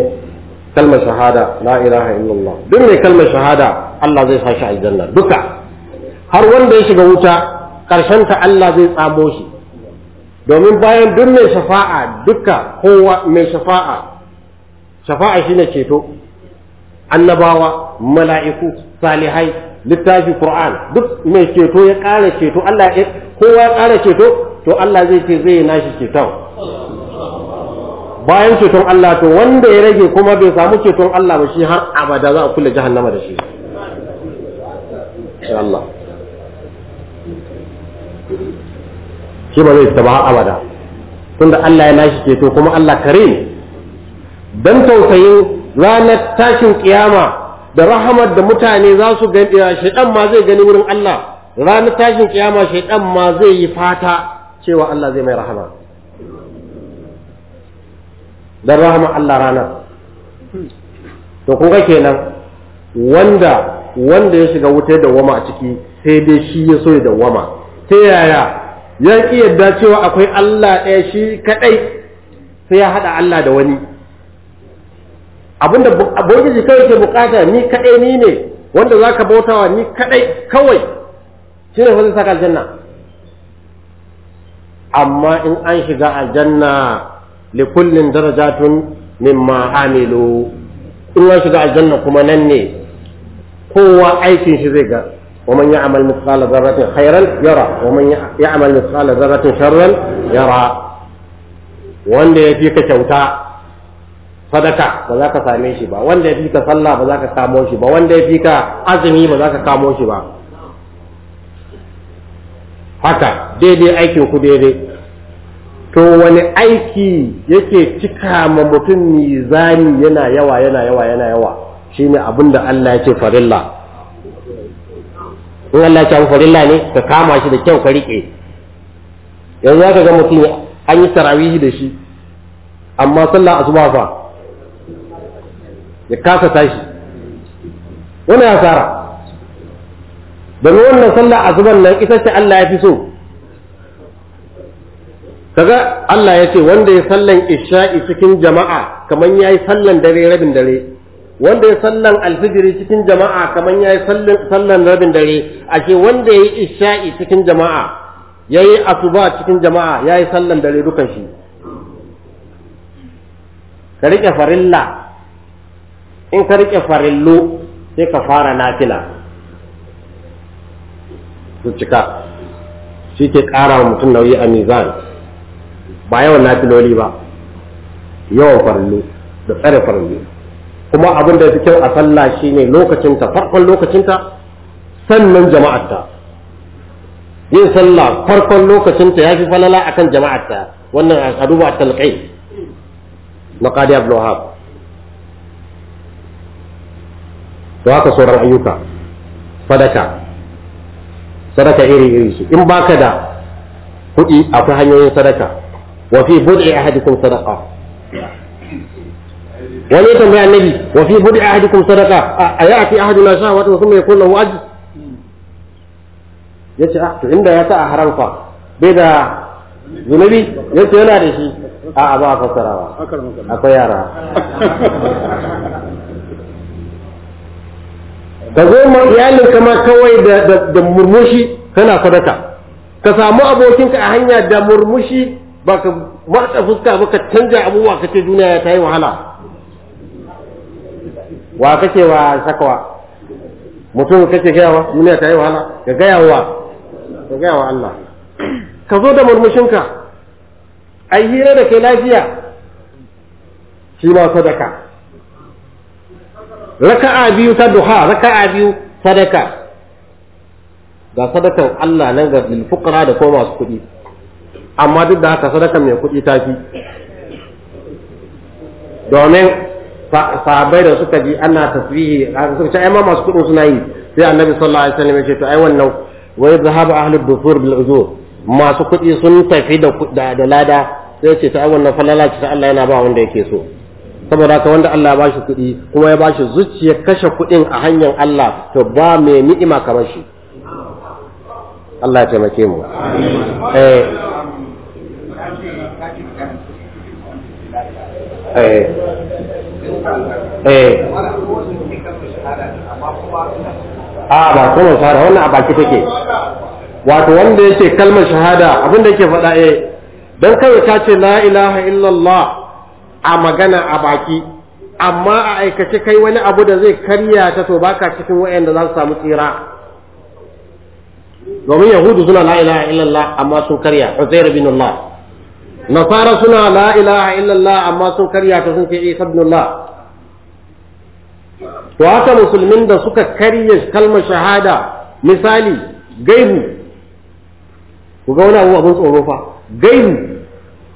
kalmar shahada la ilaha illallah duk mai kalmar shahada Allah zai sashi aljanna duka har wanda ya shiga wuta karshen ta Allah zai tsamo shi domin bayan duk mai shafa'a duka kowa mai shafa'a shafa'a shine ceto annabawa mala'iku salihai littafi qur'an duk mai ceto ya kare ceto Allah kowa ya kare ceto to Allah zai ce zai nashi ceton bayan ceton Allah to wanda ya rage kuma bai samu ceton Allah ba shi har abada za a kula jahannama da shi insha Allah shi ba zai ba abada tunda Allah ya nashi ceto kuma Allah kare dan tausayin ranar tashin kiyama da rahamar da mutane za su gani shaidan ma zai gani wurin Allah ranar tashin kiyama shaidan ma zai yi fata cewa Allah zai mai rahama dan rahama Allah rana to kun kenan wanda wanda ya shiga wuta da wama a ciki sai dai shi ya so ya wama ta yaya ya ki yadda cewa akwai Allah ɗaya shi kaɗai sai ya haɗa Allah da wani abinda abokin shi kawai ke bukata ni kaɗai ni ne wanda za ka bautawa ni kaɗai kawai shi ne wajen saka aljanna amma in an shiga aljanna li kullin darajatun mimma amilu in an shiga aljanna kuma nan ne kowa aikin shi zai ga ومن يعمل مثقال ذرة خيرا يرى ومن يعمل مثقال ذرة شرا يرى wanda ya fi kyauta sadaka ba za ka same shi ba wanda ya fi sallah ba za ka kamo shi ba wanda ya fi azumi ba za ka kamo shi ba haka daidai aikin ku daidai to wani aiki yake cika ma mutum mizani yana yawa yana yawa yana yawa shine ne abinda Allah ya ce farilla in Allah ya ce farilla ne ka kama shi da kyau ka rike yanzu zaka ga mutum an yi tarawihi da shi amma sallah asuba fa ya kasa tashi wannan asara domin wannan sallah asuban nan ita ce Allah ya fi so kaga Allah ya ce wanda ya sallan isha'i cikin jama'a kamar ya yi sallan dare rabin dare wanda ya sallan alfijiri cikin jama'a kamar ya yi sallan rabin dare ake wanda ya yi isha'i cikin jama'a ya yi asuba cikin jama'a ya yi sallan dare dukan shi ka riƙe farilla in ka riƙe farillo sai ka fara nafila su cika shi ke ƙara wa mutum nauyi a mizan ba yawan nafiloli ba yawan farillo da tsare farillo kuma abin da ya fi kyau a sallah ne lokacinta farkon lokacinta sannan jama'arta yin sallah farkon lokacinta ya fi falala a akan jama'arta wannan a duba talqai na qadi abdul to haka sauran ayyuka sadaka sadaka iri iri su in baka da kuɗi akwai hanyoyin sadaka wa fi bud'i ahadikum sadaqa wani tambaya annabi wa fi budi ahadikum sadaqa a ya'ti ahaduna shahwatan kuma yakun lahu ajr yace ah to inda ya sa a haram fa bai da zunubi yace yana da shi a a ba fasarawa akwai yara ka zo ma iyalin kama kawai da murmushi kana sadaka ka samu abokinka a hanya da murmushi ba ka matsa fuska ba ka canja abubuwa ka ce duniya ya ta yi wahala wa kake wa sakawa mutum kake gaya wa mun ta yi wahala ga gaya wa ga gaya wa Allah ka zo da murmushinka ai hira da kai lafiya shi ma sadaka raka'a biyu ta duha raka'a biyu sadaka ga sadakan Allah nan ga fuqara da ko masu kuɗi amma duk da haka sadakan mai kuɗi ta fi domin sahabai da suka ji ana tasbihi suka ce ai ma masu kudin suna yi sai annabi sallallahu alaihi wasallam ya ce to ai wannan wa yadhhabu ahli dufur bil uzur masu kudi sun tafi da da lada sai ya ce to ai wannan falala sai Allah yana ba wanda yake so saboda haka wanda Allah ya bashi kudi kuma ya bashi zuciya kashe kudin a hanyar Allah to ba mai ni'ima kamar shi Allah ya taimake mu eh eh eh a ba kuma shahada wannan a baki take wato wanda yake kalmar shahada abin da yake faɗa eh dan kai ta ce la ilaha illallah a magana a baki amma a aikace kai wani abu da zai karya ta to baka cikin wayanda za su samu tsira domin yahudu suna la ilaha illallah amma sun karya uzair bin allah nasara suna la ilaha illallah amma sun karya ta sun ce isa Allah. to haka musulmin da suka karya kalmar shahada misali gaibu ku ga wani abu abin tsoro fa gaibu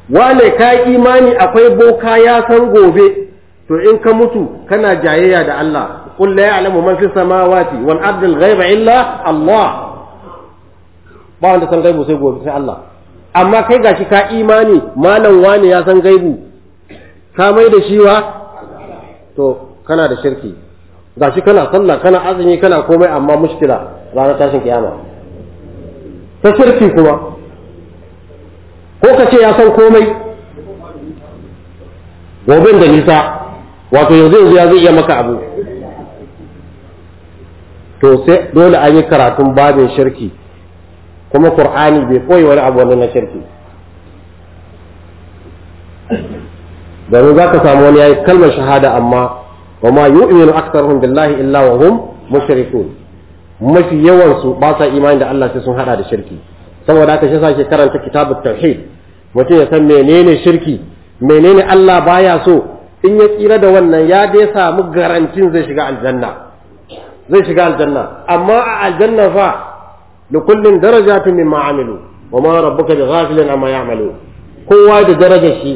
wane ka imani akwai boka ya san gobe to in ka mutu kana jayayya da Allah qul la ya'lamu man fis samawati wal ardi al ghaiba illa Allah ba wanda san gaibu sai gobe sai Allah amma kai gashi ka imani malam wani ya san gaibu ka mai da shiwa to kana da shirki gashi kana sallah kana azumi kana komai amma mushkila ranar tashin kiyama ta shirki kuma ko ka ce ya san komai gobin da nisa wato yanzu yanzu ya zai iya maka abu to sai dole an yi karatun babin shirki kuma qur'ani bai koyi wani abu wani na shirki domin za ka samu wani ya yi kalmar shahada amma wa ma yu'minu billahi illa wa hum mushrikun mafi yawan su ba sa imani da Allah sai sun hada da shirki saboda haka shi sake karanta kitabut tauhid mutum ya san menene shirki menene Allah baya so in ya tsira da wannan ya dai samu garantin zai shiga aljanna zai shiga aljanna amma a aljanna fa لكل درجات مما عملوا وما ربك بغافل عما يعملون kowa da daraja shi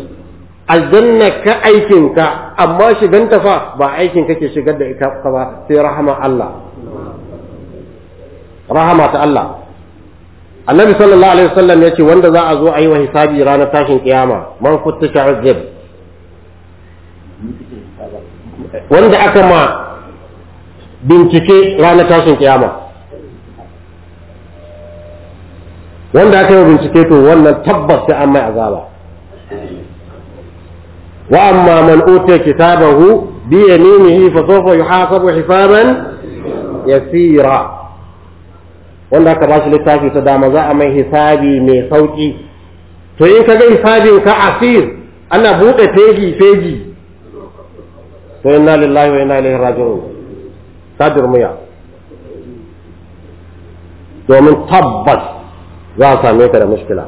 aljanna ka aikinka amma shiganta fa ba aikin kake shigar da ita sai rahama Allah rahama ta Allah annabi sallallahu alaihi wasallam yace wanda za a zo a yi wa hisabi ranar tashin kiyama man futtisha azab wanda aka ma bincike ranar tashin kiyama wanda aka yi bincike to wannan tabbas sai an mai azaba wa amma man uta kitabahu bi yaminihi fa sawfa yuhasabu hisaban yasira wanda aka ba shi littafi ta dama za a mai hisabi mai sauki to in ka ga hisabin ka asir ana buɗe fegi fegi to inna lillahi wa inna ilaihi raji'un sadir muya domin tabbas za a same ka da mushkila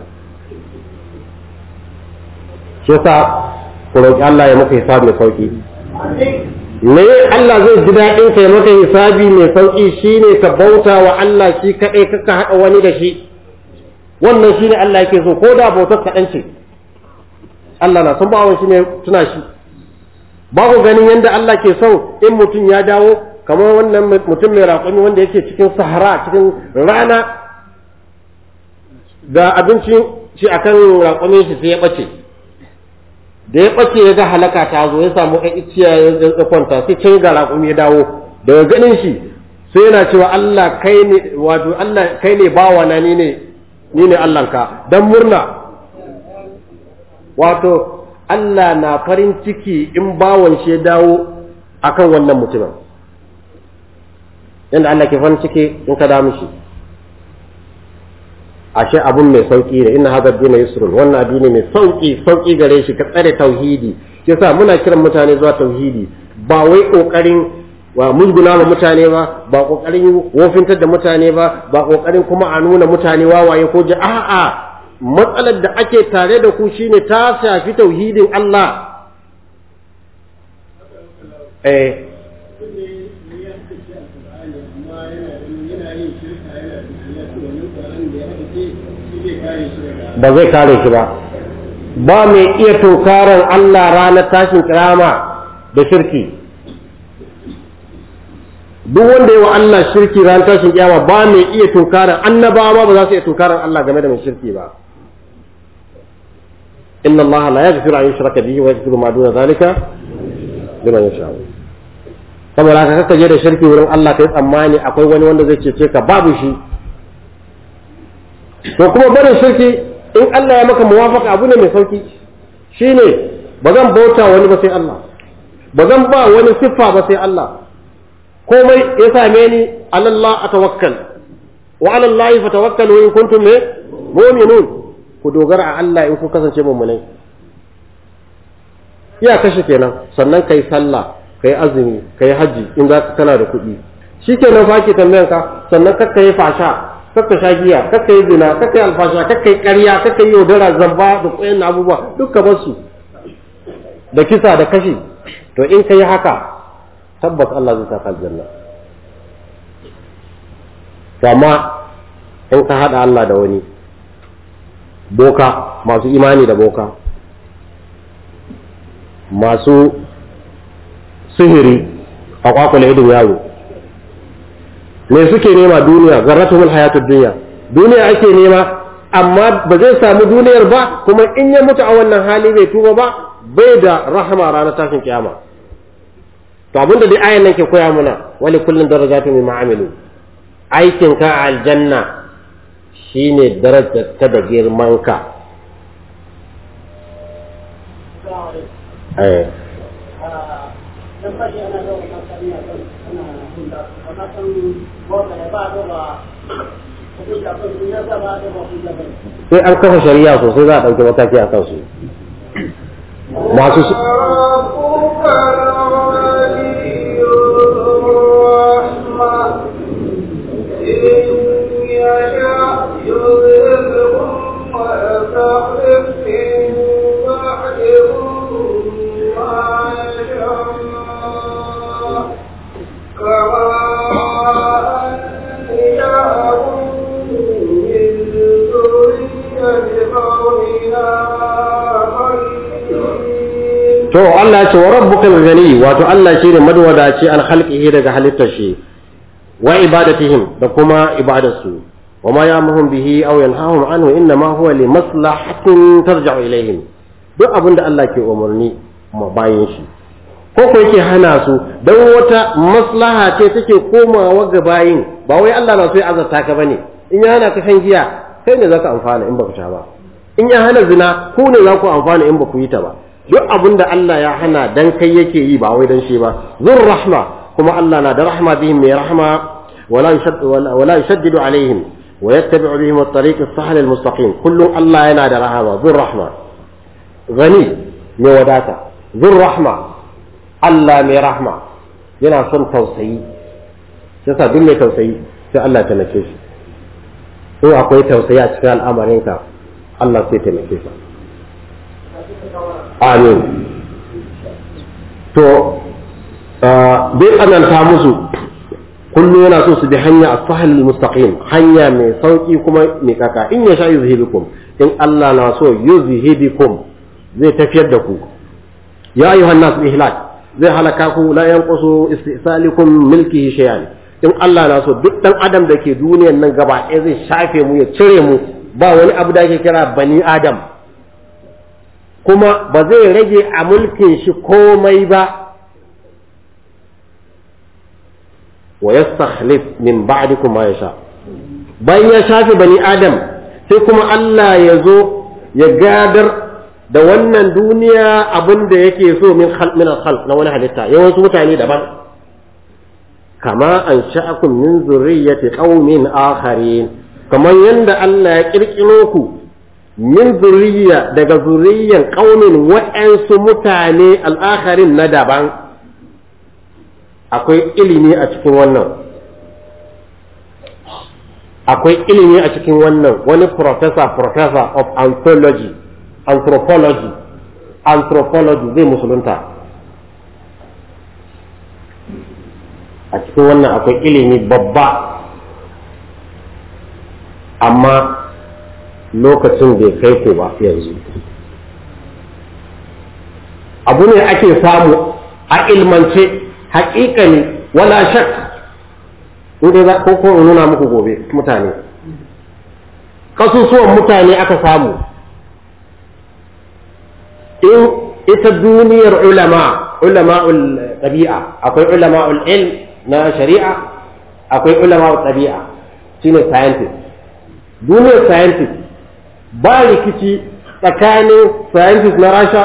shi sa, ku roƙi Allah ya maka hisabi mai sauki me Allah zai ji daɗin ka ya maka hisabi mai sauki shine ka bauta wa Allah shi kaɗai kaka haɗa wani da shi wannan shine Allah yake so ko da bautar kaɗan ce Allah na son bawon shi ne tuna shi ba ku ganin yadda Allah ke son in mutum ya dawo kamar wannan mutum mai raƙumi wanda yake cikin sahara cikin rana Da abincin shi akan raƙumin shi sai ya ɓace da ya ɓace ya ga halaka ta zo ya samu ɗan iciya ya kwanta sai can ga raƙumi ya dawo daga ganin shi sai yana cewa Allah kai ne wato Allah kai ne bawa na ni ne ni ne Allahnka dan murna wato Allah na farin ciki in bawan shi ya dawo akan wannan mutumin yanda Allah ke farin ciki in ka da mishi ashe abun mai sauki ne inna hadha dinu yusrun wannan addini mai sauki sauki gare shi ka tsare tauhidi yasa muna kiran mutane zuwa tauhidi ba wai kokarin wa musguna ma mutane ba ba kokarin wofintar da mutane ba ba kokarin kuma a nuna mutane wawaye ko ji a'a matsalar da ake tare da ku shine ta shafi tauhidin Allah eh ba zai kare shi ba ba mai iya tokaran Allah ranar tashin kirama da shirki duk wanda yi wa Allah shirki ranar tashin kirama ba mai iya tokaran annabawa ba za su iya tokaran Allah game da mai shirki ba inna Allah la yaghfiru an yushraka bihi wa yaghfiru ma duna zalika liman yasha saboda haka kaka je da shirki wurin Allah kai tsammani akwai wani wanda zai cece ka babu shi to kuma barin shirki in Allah ya maka muwafaka abu ne mai sauki shine ba zan bauta wani ba sai Allah ba zan ba wani siffa ba sai Allah komai ya same ni alallah tawakkal wa alallahi fatawakkalu in kuntum mu'minun ku dogara a Allah in ku kasance mu'minai Ya kashe kenan sannan kai sallah kai azumi kai hajji in za ka kana da kuɗi shikenan fa ke tambayan ka sannan kakka yi fasha kaka sha giya kakka yi zina kaka yi alfasha kaka yi ƙarya kaka yi yaudara zamba da koyon abubuwa duk ka da kisa da kashi to in ka yi haka tabbas Allah zai saka aljanna to amma in ka haɗa Allah da wani boka masu imani da boka masu sihiri a kwakwale idin yaro me suke nema duniya mul hayatud dunya duniya ake nema amma ba zai samu duniyar ba kuma in ya mutu a wannan hali bai tuba ba bai da rahama ranar tashin kiyama to abinda dai ayan nan ke koya muna wali kullun darajatu mimma amilu aikin ka a aljanna shine darajar ta da girman ka eh sai an kafa shari'a sosai za a ɗauki a kansu to Allah ya ce wa rabbukal ghani wato Allah shine madwadaci an khalqihi daga halittar shi wa ibadatihim da kuma ibadarsu wa ma ya'muhum bihi aw yanhahum anhu inna ma huwa li maslahatin tarja'u ilayhim duk abinda Allah ke umarni ma bayin shi ko ko yake hana su dan wata maslaha ce take komawa ga bayin ba wai Allah na so ya azarta ka bane in ya hana ka shan giya kai ne zaka amfana in baka ta ba in ya hana zina ku ne za ku amfana in ba ku yi ta ba duk abin da Allah ya hana dan kai yake yi ba wai dan shi ba zur rahma kuma Allah na da rahma bihim mai rahma wala wala yushaddidu alaihim wa yattabi'u bihim at-tariq as-sahl al-mustaqim kullu Allah yana da rahma zur rahma gani mai wadata zur rahma Allah mai rahma yana son tausayi yasa duk mai tausayi sai Allah ya tallace shi in akwai tausayi a cikin al'amarinka Allah sai taimake shi amin to bai tsananta musu kullum yana so su bi hanya a sahal mustaqim hanya mai sauki kuma mai kaka in ya sha yuzhibikum in Allah na so yuzhibikum zai tafiyar da ku ya ayyuhan nas ihlak zai halaka ku la yanqusu istisalikum milkihi shay'an in Allah na so duk dan adam da ke duniyar nan gaba ɗaya zai shafe mu ya cire mu ba wani abu da ake kira bani adam kuma ba zai rage a mulkin shi komai ba wa yastakhlif min ba'dikum ya sha. bayan ya shafe bani adam sai kuma Allah ya zo ya gadar da wannan duniya abin da yake so min min na wani halitta yawansu mutane daban kama an sha'akum min zurriyyati qaumin akharin kamar yanda Allah ya kirkiro ku min zuriya daga zuriyan ƙaunin wa'yansu mutane al'akarin na daban akwai ilimi a cikin wannan akwai ilimi a cikin wannan wani professor professor of anthropology anthropology anthropology zai musulunta a cikin wannan akwai ilimi babba amma lokacin bai kai ku ba yanzu abu ne ake samu a ilmance haƙiƙani wala shak inda za ko ko nuna muku gobe mutane kasusuwan mutane aka samu in ita duniyar ulama ulama'ul ɗabi'a akwai ulama'ul ilm na shari'a akwai ulama'ul ɗabi'a shine scientist duniyar scientist ba rikici tsakanin scientists na rasha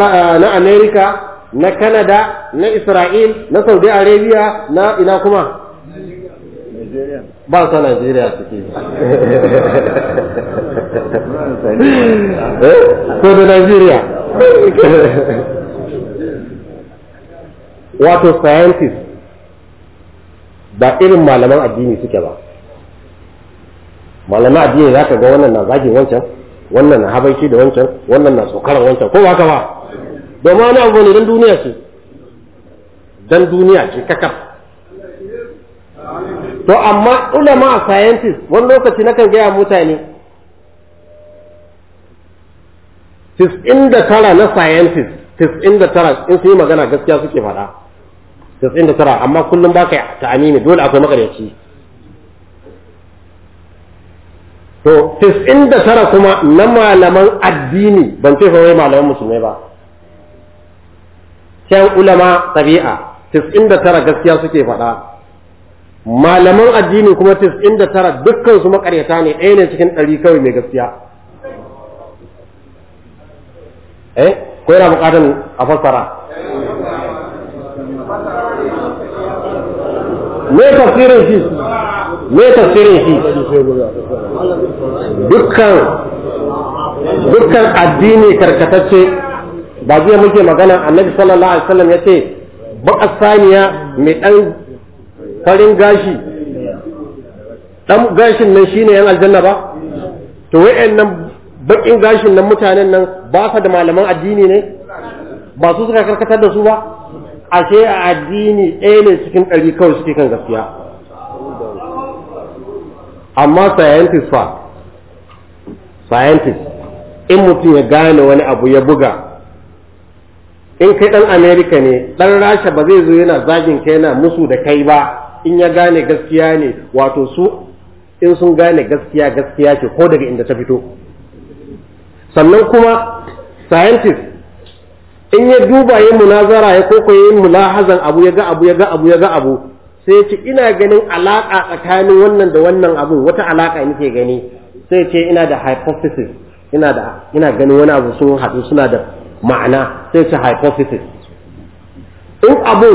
ah, na america na canada na isra'il na saudi arabia na ina kuma ba ta najeriya suke ko eh, da najeriya wato scientists ba irin malaman addini suke ba na addini za ka ga wannan na zagin wancan wannan na habaici da wancan wannan na tsokarar wancan ko ba ka ba domin wani abu ne don duniya ce don duniya ce kakar to amma ulama scientist wani lokaci na kan gaya mutane tis'in da tara na scientist tis'in da tara in su yi magana gaskiya suke faɗa tis'in da tara amma kullum ba ka ta'amini dole akwai makaryaci to tis'in da tara kuma na malaman addini ban ce wai malaman musulmai ba can ulama tabi'a tis'in da tara gaskiya suke faɗa malaman addini kuma tis'in da tara dukkan su makaryata ne ɗaya ne cikin ɗari kawai mai gaskiya eh ko yana buƙatar a fassara me tafsirin shi me tafsirin shi dukkan dukkan addini karkatacce ba zai muke magana annabi sallallahu alaihi wasallam yace baka saniya mai dan farin gashi dan gashin nan shine yan aljanna ba to wayannan bakin gashin nan mutanen nan ba sa da malaman addini ne ba su suka karkatar da su ba ashe a addini ɗaya ne cikin ɗari kawai suke kan gaskiya amma sayan fa scientist in mutum ya gane wani abu ya buga in kai dan america ne dan rasha ba zai zo yana zagin kai yana musu da kai ba in ya gane gaskiya ne wato su in sun gane gaskiya gaskiya ce ko daga inda ta fito sannan kuma scientist in ya duba yin munazara ya koko yin mulahazan abu ya ga abu ya ga abu ya ga abu sai ya ce ina ganin alaƙa tsakanin wannan da wannan abu wata alaka nake gani sai ce ina da hypothesis ina da ina ganin wani abu sun haɗu suna da ma'ana sai ce hypothesis in abu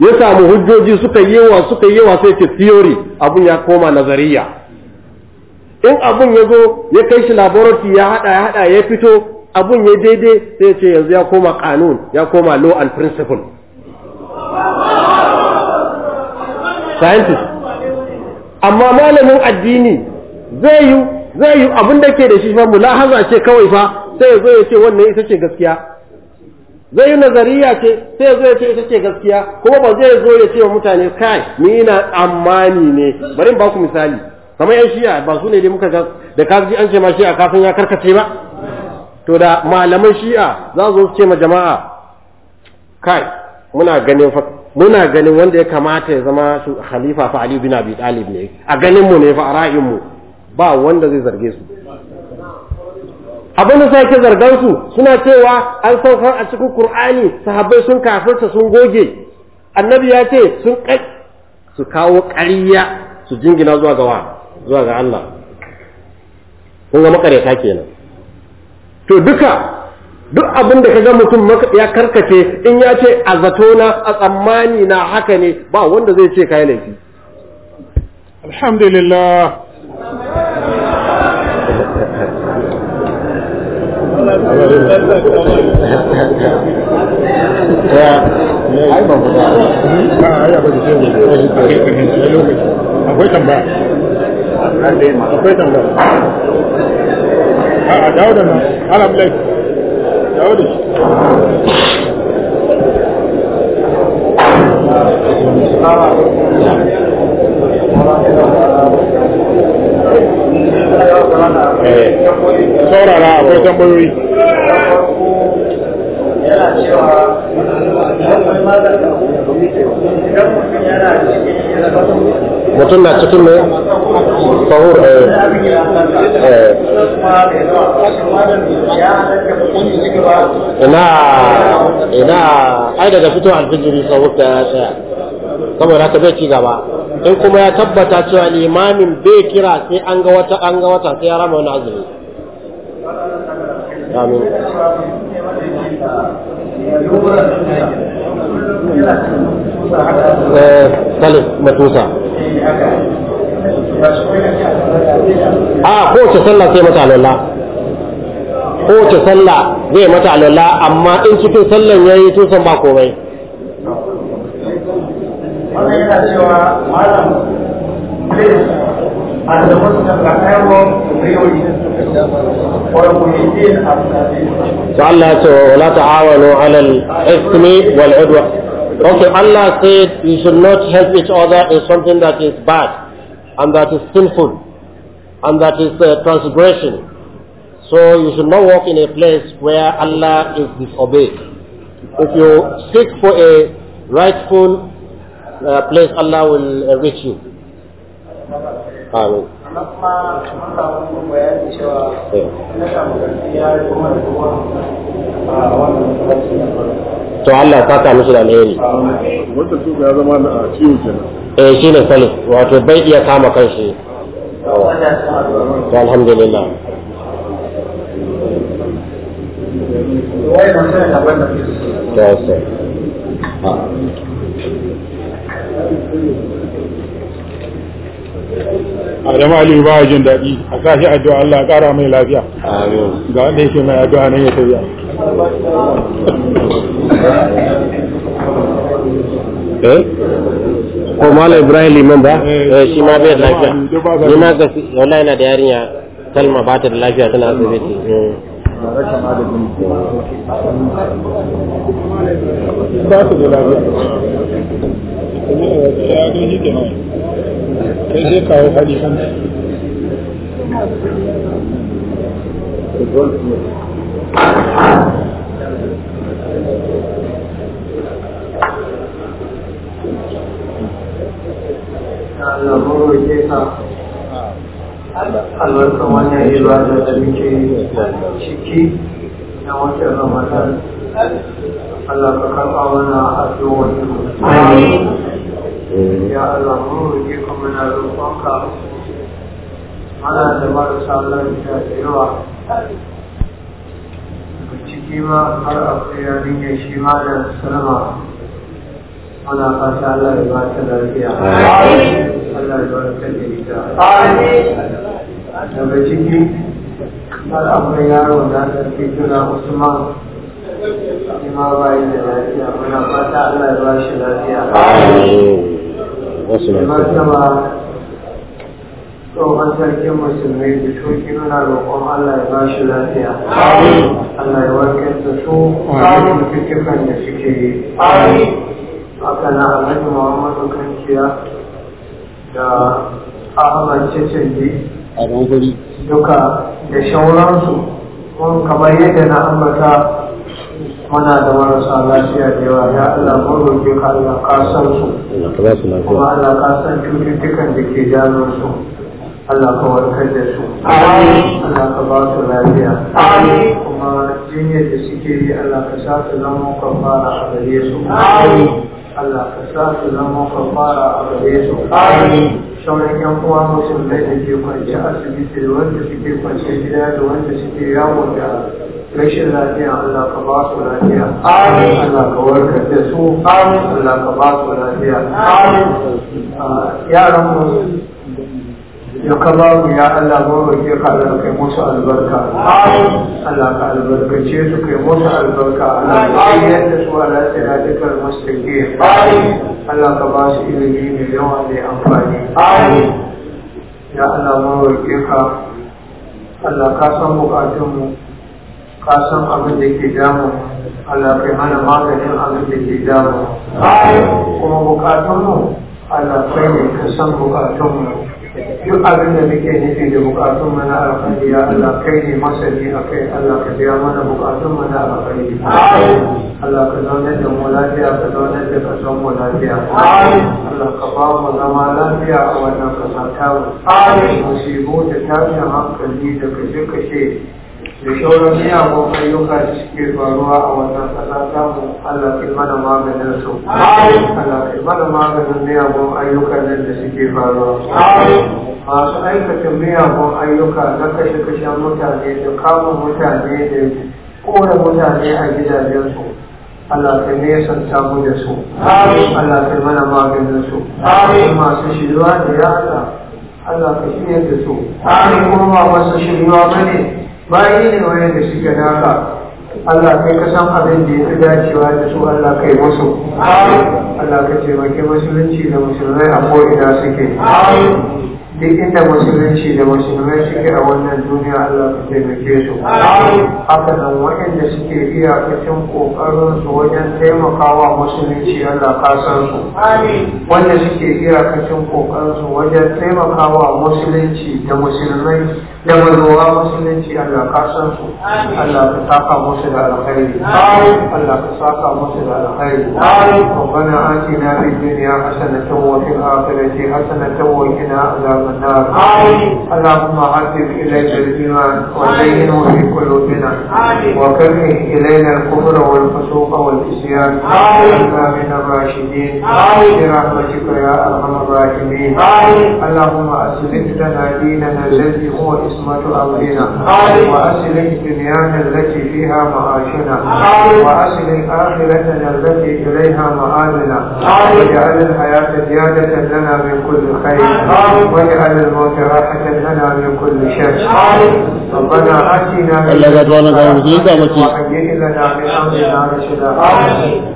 ya samu hujjoji suka yi yawa suka yi yawa sai ce theory abun ya koma nazariya in abun ya zo ya kai shi laboratory ya haɗa ya haɗa ya fito abun ya daidai sai ce yanzu ya koma kanun ya koma law and principle scientist amma malamin addini zai yi zai yi abin da ke da shi fa mulahaza ce kawai fa sai ya zo ce wannan ita ce gaskiya zai yi nazariya ce sai ya zo ce ita ce gaskiya kuma ba zai zo ya ce wa mutane kai ni na tsammani ne bari in ba ku misali kamar yan shi'a ba su ne dai muka ga da ka ji an ce ma shi'a ka san ya karkace ba to da malaman shi'a za su zo ce ma jama'a kai muna ganin muna ganin wanda ya kamata ya zama su khalifa fa Ali bin Abi Talib ne a ganin mu ne fa a ra'ayin mu ba wanda zai zarge su abin da sake zargan su suna cewa an saukar a cikin Kur'ani sahabbai sun kafirta sun goge annabi ya ce sun kai su kawo ƙarya su jingina zuwa ga zuwa ga Allah kun ga makareta kenan to duka duk abin da ga mutum ya karkace in ya ce a zato na a tsammani na haka ne ba wanda zai ce kai laifi alhamdulillah ai akwai tambaya akwai tambaya a dawo da nan dawo da shi saurara akwai tambayoyi mutum na cikin ne eh. eh. ina ina ai daga fito alfijiri sahur ta tsaya saboda haka ci gaba in kuma ya tabbata cewa limamin bai kira sai an ga wata an ga wata sai ya rama wani azumi amin eh, Salis Matusa. A kowace sallah sai mata alwala. Kowace sallah zai mata lalla amma in cikin sallan ya yi tusan ba komai. please the most Allah so okay Allah said you should not help each other in something that is bad and that is sinful and that is uh, transgression so you should not walk in a place where Allah is disobeyed if you seek for a rightful uh, place Allah will you. To Allah ta ta musu da alheri. ya zama na ciwo kenan. Eh shi ne sani wato bai iya kama kanshi. Alhamdulillah. Wai a Adamu Ali ba jin daɗi a sa shi addu'a Allah ƙara mai lafiya ga wanda yake mai addu'a nan ya tafiya. Eh? Ko Mala Ibrahim Liman ba? Eh. Eh, shi ma bai lafiya. Ni ma ga shi wala yana da yarinya kalma ba ta da lafiya tana asibiti. Eh. Ba su da lafiya. ya ga shi wannan ciki ka kafa ya Allah mu roƙe ana da marasa lafiya da yawa ciki ma har da salama fata Allah ya lafiya Allah ya daga ciki har yaro da ta ma ba da lafiya muna fata Allah ya lafiya wasu tsohon sarkin musulmai da shuki nuna roƙon Allah ya ba shi lafiya. Allah ya warkar da su cututtukan da suke yi. Haka na Alhaji Muhammadu Kanciya da Ahmad Cicindi duka da shauransu. Kuma kamar yadda na ambata muna da marasa lafiya da yawa ya Allah mun roƙe ka Allah ka san su kuma Allah ka san cututtukan da ke jamun su Allah ka warkar da su Allah ka ba su lafiya kuma jinyar da suke yi Allah ka sa su zama kafara a gare su Allah ka sa su zama kafara a gare su sauran yan uwa musulmai da ke kwanci asibiti da wanda suke kwanci gida da wanda suke yawon da مش اللہ کے اللہ کا باس بنا دیا اللہ کا ور کر دے سو اللہ کا باس بنا دیا یا رب يقبض يا الله مبارك يقبض في موسى البركة الله البركة جيتك موسى البركة الله يدس ولا سيادك المستقيم الله قباس إليه اليوم لأنفاني يا الله مبارك يقبض الله قسم مقاتمه ka san abin da yake damu Allah kai mana maganin abin da ke damu kuma bukatunmu Allah kai ne ka san bukatunmu duk abin muke nufi da bukatun mana alkhairi ya Allah kai ne masani a kai Allah ka biya mana bukatun mana alkhairi Allah ka da mu lafiya ka zaunar da ka san mu lafiya Allah ka ba mu zama lafiya a wannan kasa ta mu musibu da tashin hankali da kashe-kashe da sauran miyagun ayyuka da suke faruwa a wannan ƙasa samu Allah kai mana maganin su Allah kai mana maganin miyagun ayyukan nan da suke faruwa masu aikata miyagun ayyuka na kashe-kashen mutane da kama mutane da kora mutane a gidajensu Allah ka nesanta mu da su Allah ka mana maganin su masu shirwa da ya Allah Allah ka shirya da su kuma masu shirwa bane bayi ne shi suke naka Allah kai ka san abin da ya fi dacewa da su Allah kai musu Allah ka maki musulunci da musulmai a ko'ina suke duk inda musulunci da musulmai suke a wannan duniya Allah ka taimake su haka nan waɗanda suke iyakacin kokarin su wajen taimakawa musulunci Allah ka san su wanda suke iyakacin kokarin su wajen taimakawa musulunci da musulmai ya mai roƙa musulunci Allah ka san su Allah ka saka musu da alkhairi Allah ka saka musu da alkhairi rabbana atina fid dunya hasanatan wa fil akhirati hasanatan wa qina adhaban nar Allahumma hadib ilayna al-iman wa zayyinhu fi qulubina wa karrih ilayna al-kufr wa al-fusuq wa al-isyan ya min ar-rashidin bi rahmatika ya arhamar rahimin Allahumma aslih lana dinana alladhi huwa عصمة أمرنا وأصلح دنيانا التي فيها معاشنا وأصلح آخرتنا التي إليها معادنا واجعل الحياة زيادة لنا من كل خير واجعل الموت راحة لنا من كل شر ربنا آتنا من لدنك رحمة وهيئ لنا من أمرنا رشدا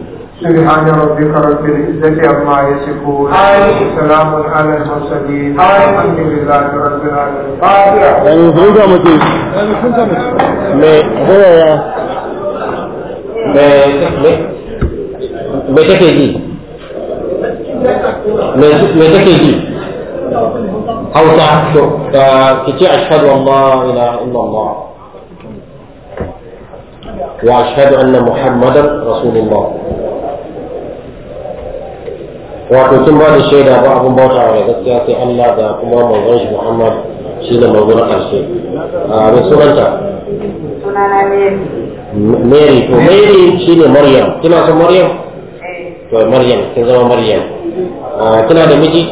سبحان ربك رب العزة عما يصفون سلام على المرسلين الحمد لله رب العالمين يعني فرجة كتير أشهد أن لا إله إلا الله واشهد ان محمدا رسول الله wato sun ba da shaida ba abin bauta wa gaskiya sai Allah da kuma manzon shi Muhammad shi ne manzon karshe a da sunanta sunana Mary Mary to Mary shi ne Maryam kina son Maryam eh. to Maryam kin zama Maryam kina da miji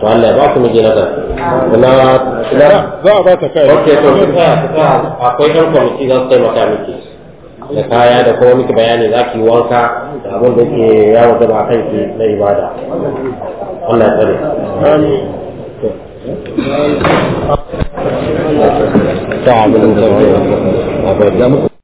to Allah ba ku miji nazar na na za a ba ta kai okay to akwai ɗan kwamiti za su taimaka miki da kaya da kuma miki bayani za ki wanka da abin da yake ya wajen a kan ki na ibada Allah ya tsare ta da